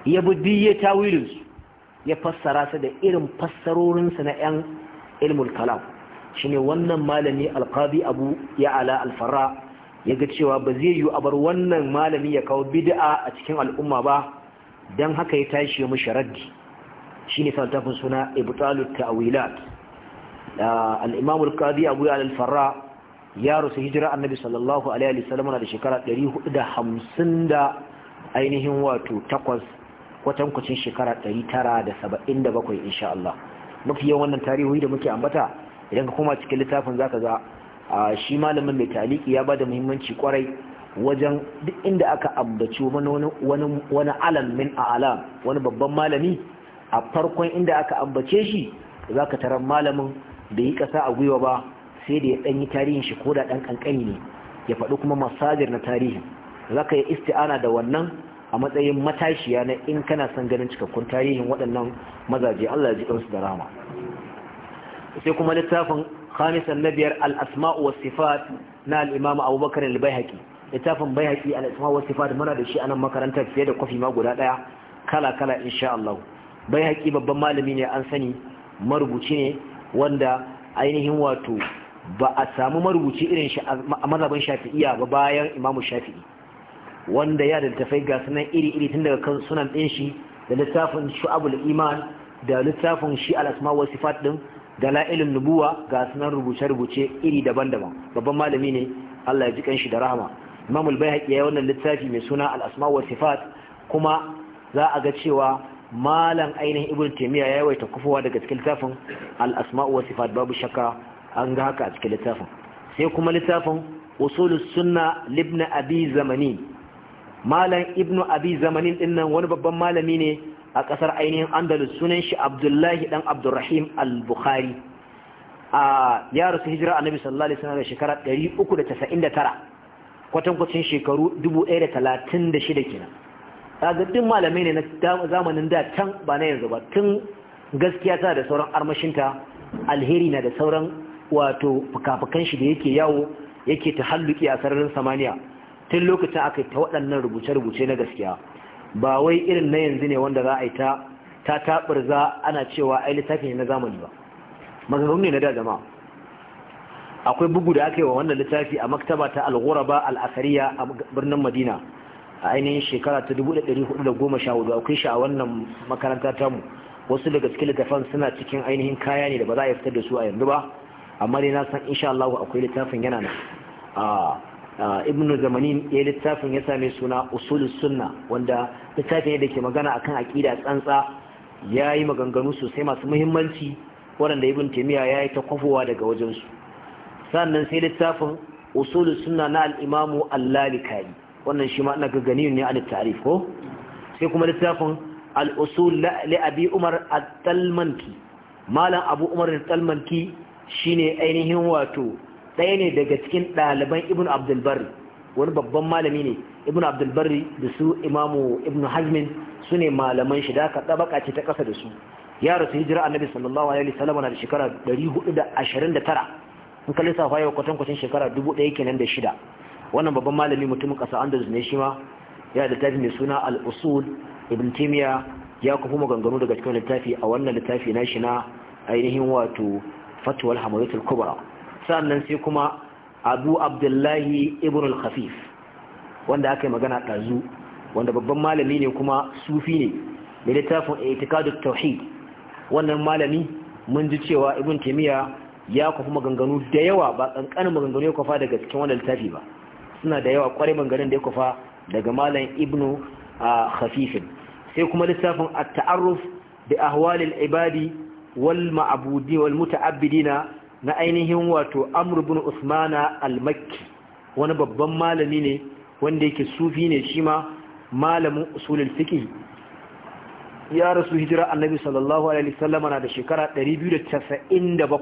ya bi ya tawilinsu. ya fassara su da irin fassarorinsa na 'yan ilmul kalam ne wannan malami alqadi abu alfara ya ga cewa ba zai yi a bar wannan malami ya kawo bid'a a cikin al'umma ba Don haka ya tashi ya mushi raddi ne saltafin suna ibtalu ta'wilat al-imam al-qadi abu al-Farra ya rusu hijira annabi sallallahu alaihi wasallam da shekara 450 da ainihin wato takwas watan kucin shekara 977 insha Allah mafi yawan wannan tarihi da muke ambata idan ka koma cikin littafin zaka ga shi malamin mai taliki ya bada muhimmanci kwarai wajen duk inda aka ambaci wani alam min alam wani babban malami a farkon inda aka ambace shi zaka tarar malamin bai yi kasa a gwiwa ba sai da ya ɗanyi tarihin shi ko da ɗan ƙanƙani ne ya faɗi kuma masajir na tarihin zaka yi isti'ana da wannan a matsayin matashiya na in kana son ganin cikakkun tarihin waɗannan mazaje Allah ya ji kansu da rama. sai kuma littafin khamisan na biyar al-asma'u was sifat na al-imam Abubakar al-Baihaqi littafin Baihaqi al-asma'u was sifat muna da shi a nan makarantar fiye da kwafi ma guda daya kala kala insha Allah Baihaqi babban malami ne an sani marubuci ne wanda ainihin wato ba a samu marubuci irin shi a mazhabin Shafi'iyya ba bayan Imam Shafi'i wanda ya da tafai ga sunan iri-iri tun daga sunan ɗin shi da littafin shu'abul iman da littafin shi al'asma wa sifat ɗin da la'ilin nubuwa ga sunan rubuce-rubuce iri daban-daban babban malami ne Allah ya ji kanshi da rahama imam al-bayhaqi ya wannan littafi mai suna al wa sifat kuma za a ga cewa malam ainihin ibn taymiya ya yawaita kufuwa daga cikin littafin al-asma wa sifat babu shakka an ga haka a cikin littafin sai kuma littafin usulus sunna libna abi zamani malam ibnu abi zamanin dinnan wani babban malami ne a kasar ainihin andalus sunan shi abdullahi dan abdurrahim al-bukhari a ya rasu hijira annabi sallallahu alaihi wasallam shekara 399 kwatankwacin shekaru 1036 kenan kaga duk malamai ne na zamanin da can ba na yanzu ba tun gaskiya ta da sauran armashinta alheri na da sauran wato fuka shi da yake yawo yake tahalluki a sararin samaniya tun lokacin aka yi ta waɗannan rubuce-rubuce na gaskiya ba wai irin na yanzu ne wanda za a yi ta ta taɓar za ana cewa ai yi littafin na zamani ba mazarun ne na da jama'a akwai bugu da aka yi wa wannan littafi a maktaba ta al-ghuraba al-asariya a birnin madina a ainihin shekara ta 1414 akwai shi a wannan makaranta mu wasu daga cikin littafan suna cikin ainihin kaya ne da ba za a fitar da su a yanzu ba amma dai na san insha Allah akwai littafin yana nan ah, ibnu zamanin ya littafin ya same suna usulus sunna wanda littafin da ke magana akan aqida tsantsa ya yi maganganu sosai masu muhimmanci waɗanda ibn taymiya ya yi ta kwafowa daga wajensu sannan sai littafin usulus sunna na al-imamu al wannan shi ma ina ga ganin ne an tarif ko sai kuma littafin al-usul li abi umar at-talmanki malam abu umar at-talmanki shine ainihin wato ɗaya ne daga cikin ɗaliban ibn abdulbari wani babban malami ne ibn abdulbari da su imamu ibn Hajmin su ne malaman shi da aka ɗabaka ce ta ƙasa da su ya rasu hijira annabi sallallahu alaihi wasallam na da shekara 429 in kalli lissafa yau kwatan kwatan shekara 1000 kenan da shida wannan babban malami mutumin ƙasa andalus ne shi ma ya da tafi mai suna al-usul ibn timiya ya kuma maganganu daga cikin littafi a wannan littafi na shi na ainihin wato fatuwal hamadatul kubra sannan sai kuma abu abdullahi ibn al-khafif wanda aka yi magana ɗazu wanda babban malami ne kuma sufi ne mai littafin itikadu tauhid wannan malami mun ji cewa ibn taymiya ya kwafi maganganu da yawa ba kankanin maganganu ya kwafa daga cikin wannan littafi ba suna da yawa ƙwarai maganganun da ya kwafa daga malam ibn khafif sai kuma littafin at-ta'arruf bi ahwalil ibadi wal ma'budi wal muta'abbidina na ainihin wato Amur bin usmana al-makki wani babban malami ne wanda yake sufi ne shi ma malamin usulul fiqh ya rasu hijira annabi sallallahu alaihi ɗari na da shekara 297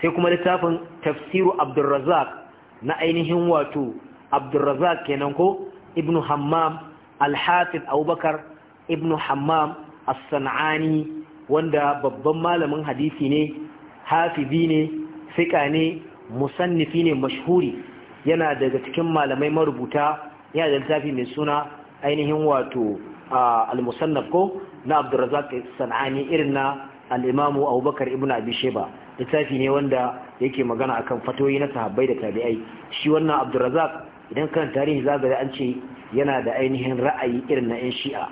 sai kuma littafin tafsiru abdurrazzaq na ainihin wato abdurrazzaq kenan ko ibnu hammam al-hafiz abubakar ibnu hammam as-san'ani wanda babban malamin hadisi ne hafizi ne fika ne musannifi ne mashhuri yana daga cikin malamai marubuta yana da littafi mai suna ainihin wato al-musannaf ko na abdurrazak sanani irin na al-imamu abubakar ibn abi sheba littafi ne wanda yake magana akan fatoyi na sahabbai da tabi'ai shi wannan abdurrazak idan kan tarihi zaga an ce yana da ainihin ra'ayi irin na yan shi'a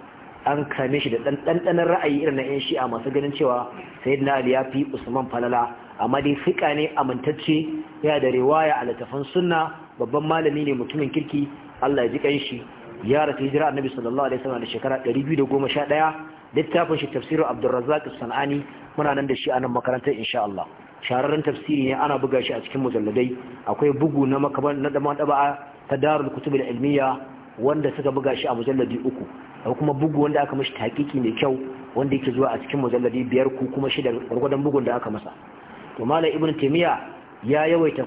an kame shi da ɗanɗanar ra'ayi irin na 'yan shi'a masu ganin cewa sayyidina ali ya fi usman falala amma dai fika ne amintacce ya da riwaya a littafan sunna babban malami ne mutumin kirki allah ya ji kanshi ya rasu hijira annabi sallallahu alaihi wasallam da shekara 211 littafin shi tafsirin abdurrazzaq sanani muna nan da shi a nan makarantar insha Allah shahararren tafsiri ne ana buga shi a cikin mujalladai akwai bugu na makaban na dama ta darul kutub al ilmiya wanda suka buga shi a mujalladi uku da kuma bugu wanda aka mashi takiki mai kyau wanda yake zuwa a cikin mujalladi biyar ko kuma shida gwargwadon bugun da aka masa to malam ibn taymiya ya yawaita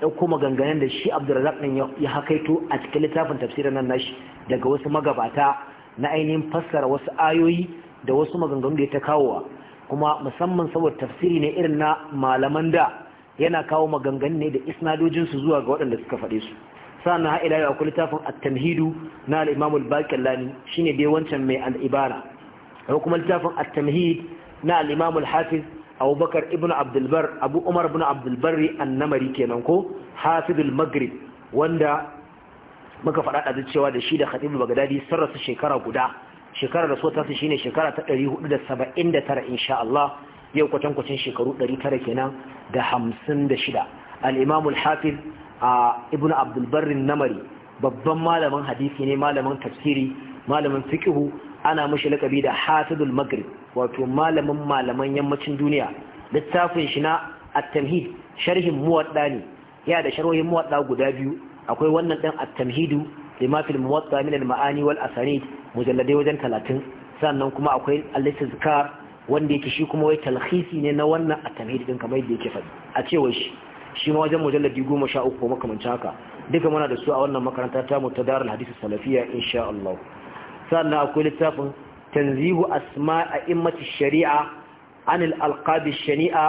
dauko maganganun da shi abdurrazak din ya hakaito a cikin littafin tafsirin nan nashi daga wasu magabata na ainihin fassara wasu ayoyi da wasu maganganu da ya ta kawowa kuma musamman saboda tafsiri ne irin na malaman da yana kawo maganganu ne da isnadojinsu zuwa ga waɗanda suka faɗe su sana ha ila akwai littafin at-tamhidu na al'imamul baƙin lani shi shine dai wancan mai alibara ibara kuma littafin at-tamhid na al'imamul hafiz abubakar ibn abdulbar abu umar ibn abdulbarri annamari kenan ko hafizul maghrib wanda muka faɗa da cewa da shi da khatibul bagdadi sarrafa shekara guda shekarar da so ta shine shekara ta 479 insha Allah yau kwatan kwacin shekaru 900 kenan da 56 al-imam al-hafiz a ibnu abdulbarrin namari babban malamin hadisi ne malamin tafsiri malamin fiqhu ana mashi lakabi da hasidul maghrib wato malamin malaman yammacin duniya littafin shi na at-tamhid sharhin muwadda ne ya da sharhohin muwadda guda biyu akwai wannan dan at-tamhidu lima fil muwadda min al-ma'ani wal asanid mujalladai wajen 30 sannan kuma akwai al-istizkar wanda yake shi kuma wai talhisi ne na wannan at-tamhid din kamar yadda yake faɗi a cewar shi shi ma wajen mujalladi goma sha uku makamancin haka duka muna da su a wannan makaranta ta mu ta dara hadisi salafiya insha Allah sannan akwai littafin tanzihu asma'a immati shari'a anil alqabi shani'a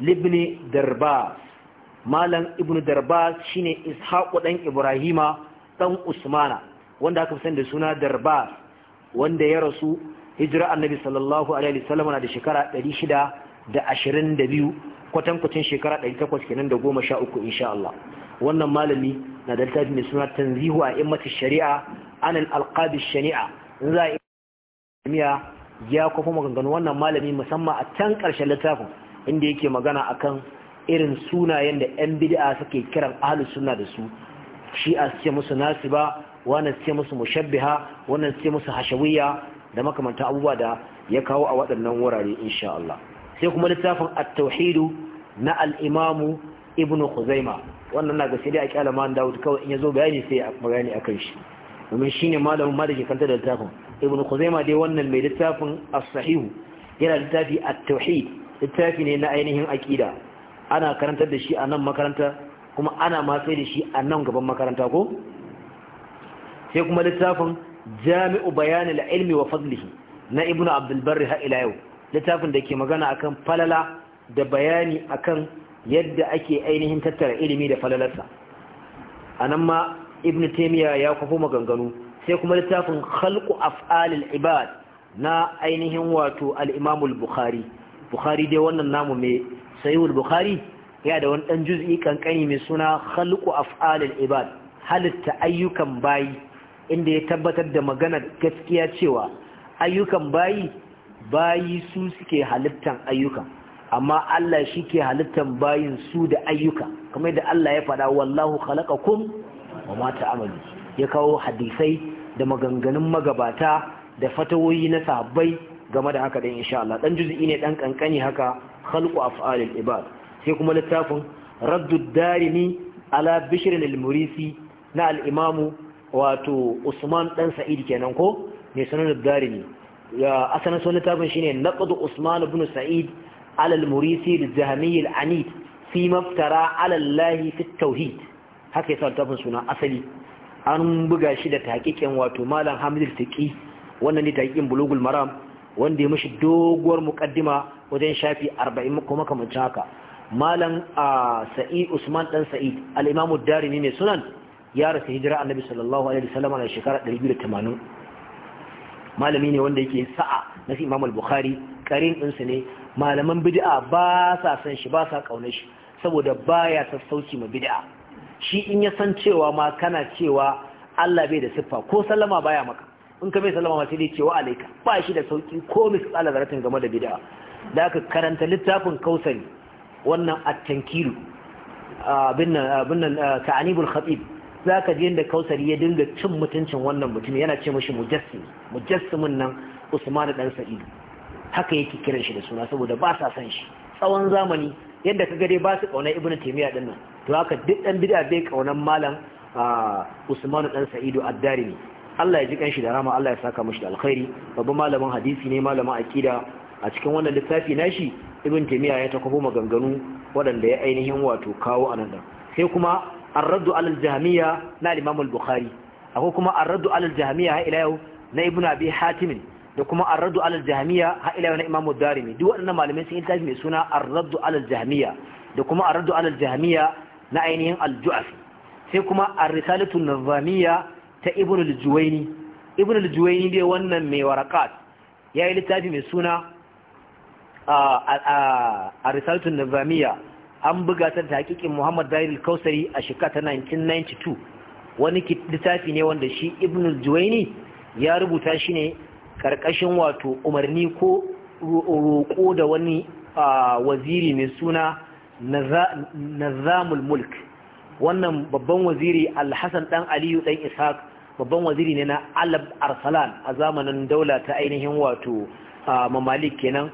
libni darbas malam ibn darbas shine ishaqu dan ibrahima dan usmana wanda aka san da suna darbas wanda ya rasu hijira annabi sallallahu alaihi wasallam na da shekara 622 kwatan kwatankwacin shekara 800 kenan da goma sha uku insha Allah wannan malami na da littafi mai suna tanzihu a immati shari'a anil alqabi shari'a in za a ya kofa maganganu wannan malami musamman a can karshen littafin inda yake magana akan irin sunayen da yan bid'a suke kiran ahlus sunna da su shi a ce musu nasiba wannan ce musu mushabbiha wannan ce musu hashawiyya da makamanta abubuwa da ya kawo a waɗannan wurare insha Allah sai kuma littafin at-tauhidu na al-imamu ibnu khuzaima wannan na gaske dai a kyala ma Dawud kawai in yazo bayani sai a bayani akan shi domin shine malamin ma da ke kanta da littafin ibnu khuzaima dai wannan mai littafin as-sahihu yana littafi at-tauhid littafi ne na ainihin aqida ana karantar da shi a nan makaranta kuma ana ma sai da shi a nan gaban makaranta ko sai kuma littafin jami'u bayanil ilmi wa fadlihi na ibnu abdul barri ha ila yau littafin da ke magana akan falala da bayani akan yadda ake ainihin tattara ilimi da falalarsa a nan ma ibn taimiyya ya kwafo maganganu sai kuma littafin khalqu af'alil ibad na ainihin wato al-imamul bukhari bukhari dai wannan namu mai sayuwar bukhari ya da wani dan juz'i kankani mai suna khalqu af'alil ibad halitta ayyukan bayi inda ya tabbatar da maganar gaskiya cewa ayyukan bayi bayi su suke halittan ayyuka amma Allah shi ke halittan bayin su da ayyuka kuma da Allah ya faɗa wallahu khalaqakum wa ma ta'malu ya kawo hadisai da maganganun magabata da fatawoyi na sahabbai game da haka dan insha Allah dan juz'i ne dan kankani haka khalqu af'alil ibad sai kuma littafin raddud darimi ala bishr al-murisi na al-imamu wato Usman dan Sa'id kenan ko ne sanar da darimi asalin sunan ne shine naqdu usman ibn sa'id alal al-murisi al-jahmi anid fi maftara ala allahi fi tauhid haka yasa suna asali an buga shi da taƙiƙin wato malam hamdul tiki taqi wannan ne taƙiƙin bulugul maram wanda ya mishi doguwar muƙaddima wajen shafi arba'in kuma kamancin haka malam sa'id usman dan sa'id al-imamu darimi mai sunan ya rasu hijira annabi sallallahu alaihi wasallam a shekara 280 malami ne wanda yake sa'a na fi imam al-bukhari karin ɗinsu ne malaman bid'a ba sa san shi ba sa ƙaunar shi saboda baya sassauci ma bid'a shi in ya san cewa ma kana cewa Allah bai da siffa ko sallama baya maka in ka bai sallama ma sai dai cewa alaika ba shi da sauki ko tsala zaratin game da bid'a da aka karanta littafin kausani wannan at-tankiru abin nan eh, ta'anibul khatib za ka ji yadda kausari ya dinga cin mutuncin wannan mutum yana ce mashi mujassim mujassimin nan usman dan sa'idu haka yake kiran shi da suna saboda ba sa san shi tsawon zamani yadda ka gare ba su kauna ibnu taymiya din nan to haka duk dan bid'a bai kaunan malam usman dan sa'idu ad-darimi Allah ya ji kanshi da rama Allah ya saka mashi da alkhairi babban malamin hadisi ne malamin akida a cikin wannan littafi nashi ibn taymiya ya ta ma maganganu waɗanda ya ainihin wato kawo anan sai kuma arradu alal jahmiya na al-imam bukhari akwai kuma ar alal jahmiya ha ilayau na ibn abi hatim da kuma ar alal jahmiya ha ilayau na imam ad-darimi duk waɗannan malamai sun yi mai suna arradu alal jahmiya da kuma arradu alal jahmiya na ainihin al-ju'afi sai kuma ar-risalatu an-nizamiyya ta ibnu al-juwayni ibnu al-juwayni dai wannan mai waraqat yayi littafi mai suna a risalatun nizamiya an buga ta da hakikin Muhammad Zahir Kausari a shekara ta 1992 wani littafi ne wanda shi Ibn Juwaini ya rubuta shi ne karkashin wato umarni ko roƙo da wani waziri mai suna Nazamul Mulk wannan babban waziri Al-Hassan dan Aliyu dan Ishaq babban waziri ne na Alab Arsalan a zamanin daula ta ainihin wato mamalik kenan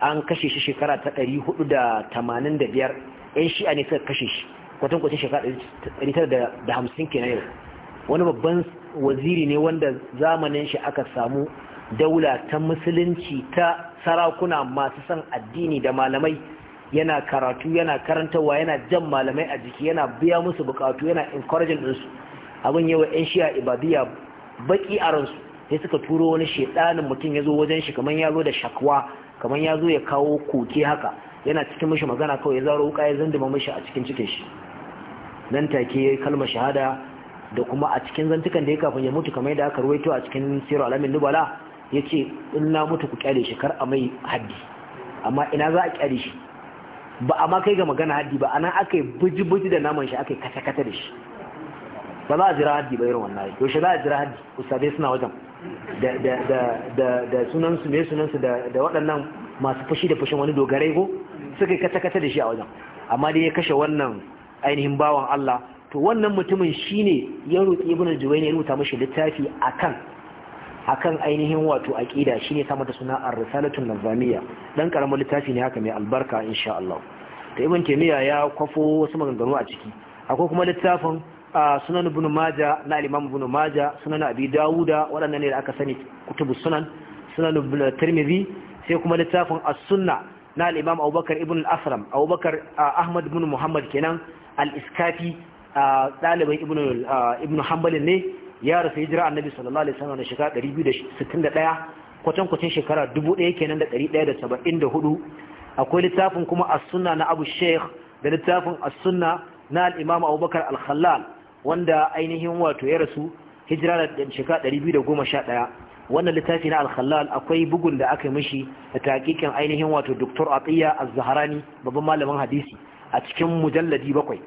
an kashe shi shekara ta 485 yan shi'a ne suka kashe shi kwatankwacin shekara 950 kenan yau wani babban waziri ne wanda zamanin shi aka samu daula ta musulunci ta sarakuna masu son addini da malamai yana karatu yana karantawa yana jan malamai a jiki yana biya musu bukatu yana encouraging ɗinsu abin yawa 'yan shi'a ibadiyya baki a ransu sai suka turo wani shedanin mutum ya zo wajen shi kamar ya zo da shakwa kamar ya zo ya kawo koke haka yana cikin mishi magana kawai ya zaro wuka ya zanduma mashi a cikin cikin shi nan take ya kalma shahada da kuma a cikin zantukan da ya kafin ya mutu kamar yadda aka ruwaito a cikin sirar alamin nubala ya ce in na mutu ku kyale shi kar a mai haddi amma ina za a kyale shi ba a ma kai ga magana haddi ba ana aka yi buji-buji da naman shi aka yi kata-kata da shi ba za a jira haddi ba irin wannan yaushe za a jira haddi ustadai suna wajen da sunansu mai sunansu da waɗannan masu fushi da fushin wani dogarai ko suka yi kata-kata da shi a wajen amma dai ya kashe wannan ainihin bawan Allah to wannan mutumin shine ya roƙi ibn ya rubuta mashi littafi akan akan ainihin wato shi ne sama da suna ar-risalatu nazamiyya dan karamin littafi ne haka mai albarka insha Allah to ibn kemiya ya kwafo wasu maganganu a ciki akwai kuma littafin a sunan ibn maja na al-imam ibn maja sunan abi dawuda waɗannan ne da aka sani kutubu sunan sunan ibn tirmidhi sai kuma littafin as-sunna na al-imam abubakar ibn al-asram abubakar ahmad ibn muhammad kenan al-iskafi ɗaliban ibn ibn hanbal ne ya rasu hijira annabi sallallahu alaihi wasallam na shekara 261 kwatan kwatan shekara 1000 kenan da 174 akwai littafin kuma as-sunna na abu sheikh da littafin as-sunna na al-imam abubakar al-khallal wanda ainihin wato ya rasu hijira da shekara 211 wannan littafi na alhalal akwai bugun da aka yi mishi da taqiqin ainihin wato Dr. Atiya az ni babban malamin hadisi a cikin mujalladi bakwai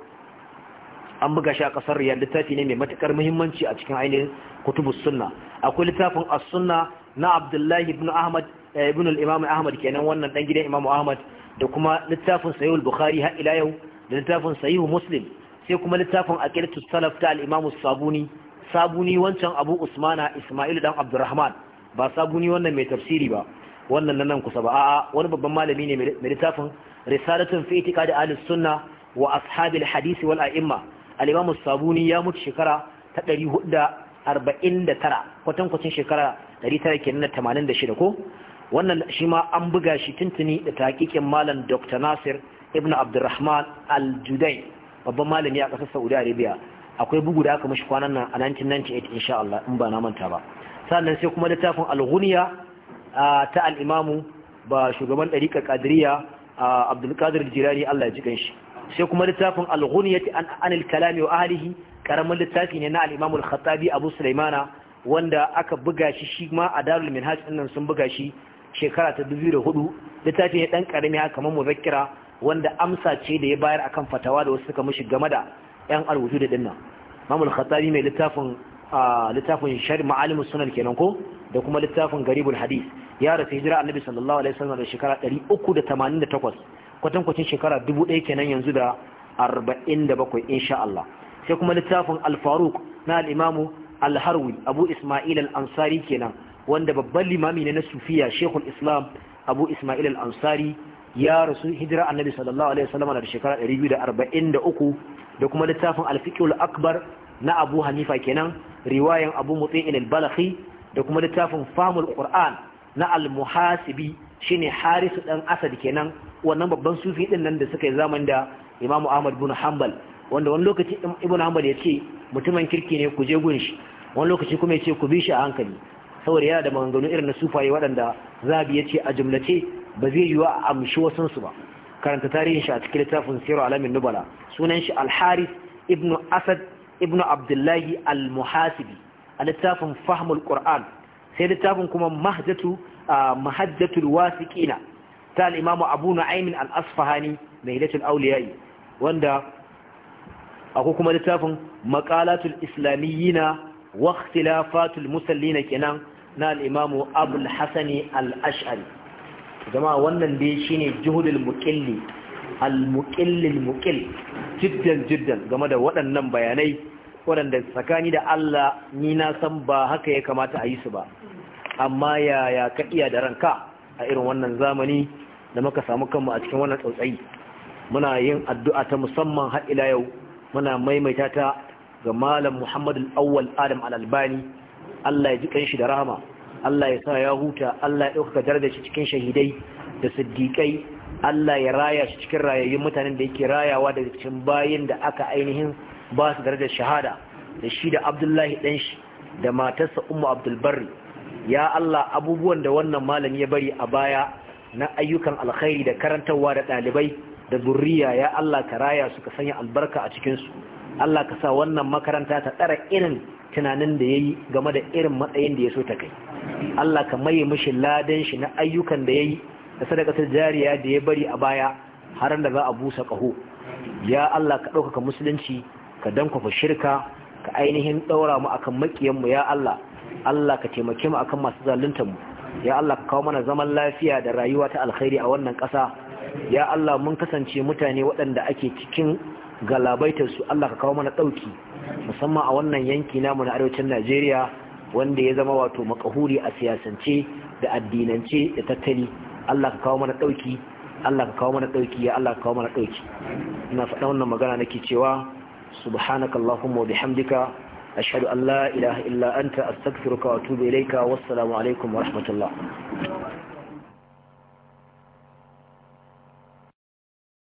an buga shi a kasar Riyadh littafi ne mai matukar muhimmanci a cikin ainihin kutubus sunna akwai littafin as-sunna na Abdullahi ibn Ahmad eh, ibn al-Imam Ahmad kenan wannan dan gidan Imam Ahmad da kuma littafin Sahih al-Bukhari har ila yau da littafin Sahih Muslim sai kuma littafin aqidatu salaf ta al sabuni sabuni wancan abu usmana isma'il dan abdurrahman ba sabuni wannan mai tafsiri ba wannan nan kusa ba a'a wani babban malami ne mai littafin risalatun fi itiqad ahli sunna wa ashabil hadisi wal a'imma al-imamu sabuni ya mutu shekara ta 449 kwatankwacin shekara 1986 ko wannan shi ma an buga shi tuntuni da taƙiƙin malam dr nasir ibn abdurrahman al babban malami a ƙasar Saudi Arabia akwai bugu da aka mashi kwanan nan a 1998 insha Allah in ba na manta ba sannan sai kuma littafin al ta al'imamu ba shugaban ɗariƙa ƙadiriya a abdulkadir jirani Allah ya jikan shi sai kuma littafin al ta anil kalami wa ahlihi karamin littafi ne na al'imamu khattabi abu sulaimana wanda aka buga shi shi ma a darul minhaj din nan sun buga shi shekara ta 2004 littafi ne dan karami haka kamar zakira wanda amsa ce da ya bayar akan fatawa da wasu suka mishi game da yan alwudu da dinnan mamul khattabi mai littafin littafin shari sunan kenan ko da kuma littafin garibul hadis ya rasu hijira annabi sallallahu alaihi wasallam da shekara 388 kwatankwacin shekara 1000 kenan yanzu da 47 insha Allah sai kuma littafin al-faruq na al-imamu al-harwi abu isma'il al-ansari kenan wanda babban limami ne na sufiya shekul islam abu isma'il al-ansari ya rasu hijira annabi sallallahu alaihi wasallam da shekara 243 da kuma littafin al-fiqhul akbar na Abu Hanifa kenan riwayan Abu Mut'in al-Balakhi da kuma littafin Fahmul Qur'an na al-Muhasibi shine Haris dan Asad kenan wannan babban sufi din nan da suka yi zaman da Imam Ahmad ibn Hanbal wanda wani lokaci Ibn Hanbal ya ce mutumin kirki ne ku je gun shi wani lokaci kuma ya ce ku bi shi a hankali saboda yana da maganganu irin na sufaye waɗanda zabi ya ce a jumlace ba zai yiwu a amshi wasansu ba karanta tarihin shi a cikin littafin siru alamin nubala sunan shi alharis ibnu asad ibnu abdullahi al-muhasibi a littafin fahmul qur'an sai littafin kuma mahjatu mahajjatu wasiqina ta al-imamu abu nu'aym al-asfahani mai littafin auliyai wanda akwai kuma littafin maqalatul islamiyyina wa ikhtilafatul musallina kenan na al-imamu abul hasani al-ash'ari jama'a wannan dai shine juhudul muqilli al-muqillil muqill jiddan jiddan game da waɗannan bayanai waɗanda tsakani da Allah ni na san ba haka ya kamata a yi su ba amma yaya ka iya da ranka a irin wannan zamani da muka samu kanmu a cikin wannan tsautsayi muna yin addu'a ta musamman har ila yau muna maimaita ta ga malam Muhammadu al-Awwal Adam al-Albani Allah ya ji kanshi da rahama Allah ya sa ya huta Allah ya ɗauka daraja shi cikin shahidai da siddiƙai Allah ya raya shi cikin rayayyun mutanen da yake rayawa da cikin bayin da aka ainihin ba su darajar shahada da shi da Abdullahi ɗan shi da matarsa Ummu Abdulbarri ya Allah abubuwan da wannan malami ya bari a baya na ayyukan alkhairi da karantarwa da ɗalibai da zurriya ya Allah ka raya su ka sanya albarka a cikinsu Allah ka sa wannan makaranta ta tsara irin tunanin da ya yi game da irin matsayin da ya so ta kai Allah ka maye mashi ladan shi na ayyukan da ya yi da sadakatar jariya da ya bari a baya har da za a busa ƙaho. ya Allah ka ɗaukaka musulunci ka dankwafa shirka ka ainihin ɗaura mu akan makiyanmu ya Allah Allah ka taimake mu akan masu zaluntar mu ya Allah ka kawo mana zaman lafiya da rayuwa ta alkhairi a wannan ƙasa ya Allah mun kasance mutane waɗanda ake cikin galabaitar su Allah ka kawo mana ɗauki musamman a wannan yanki namu na arewacin najeriya wanda ya zama wato makahuri a siyasance da addinance da tattali allah ka kawo mana ɗauki allah ka kawo mana ɗauki ya allah ka kawo mana ɗauki ina faɗa wannan magana nake cewa subhanaka allahumma wa bihamdika ashhadu an la ilaha illa anta astaghfiruka wa atubu ilayka wassalamu alaikum wa rahmatullah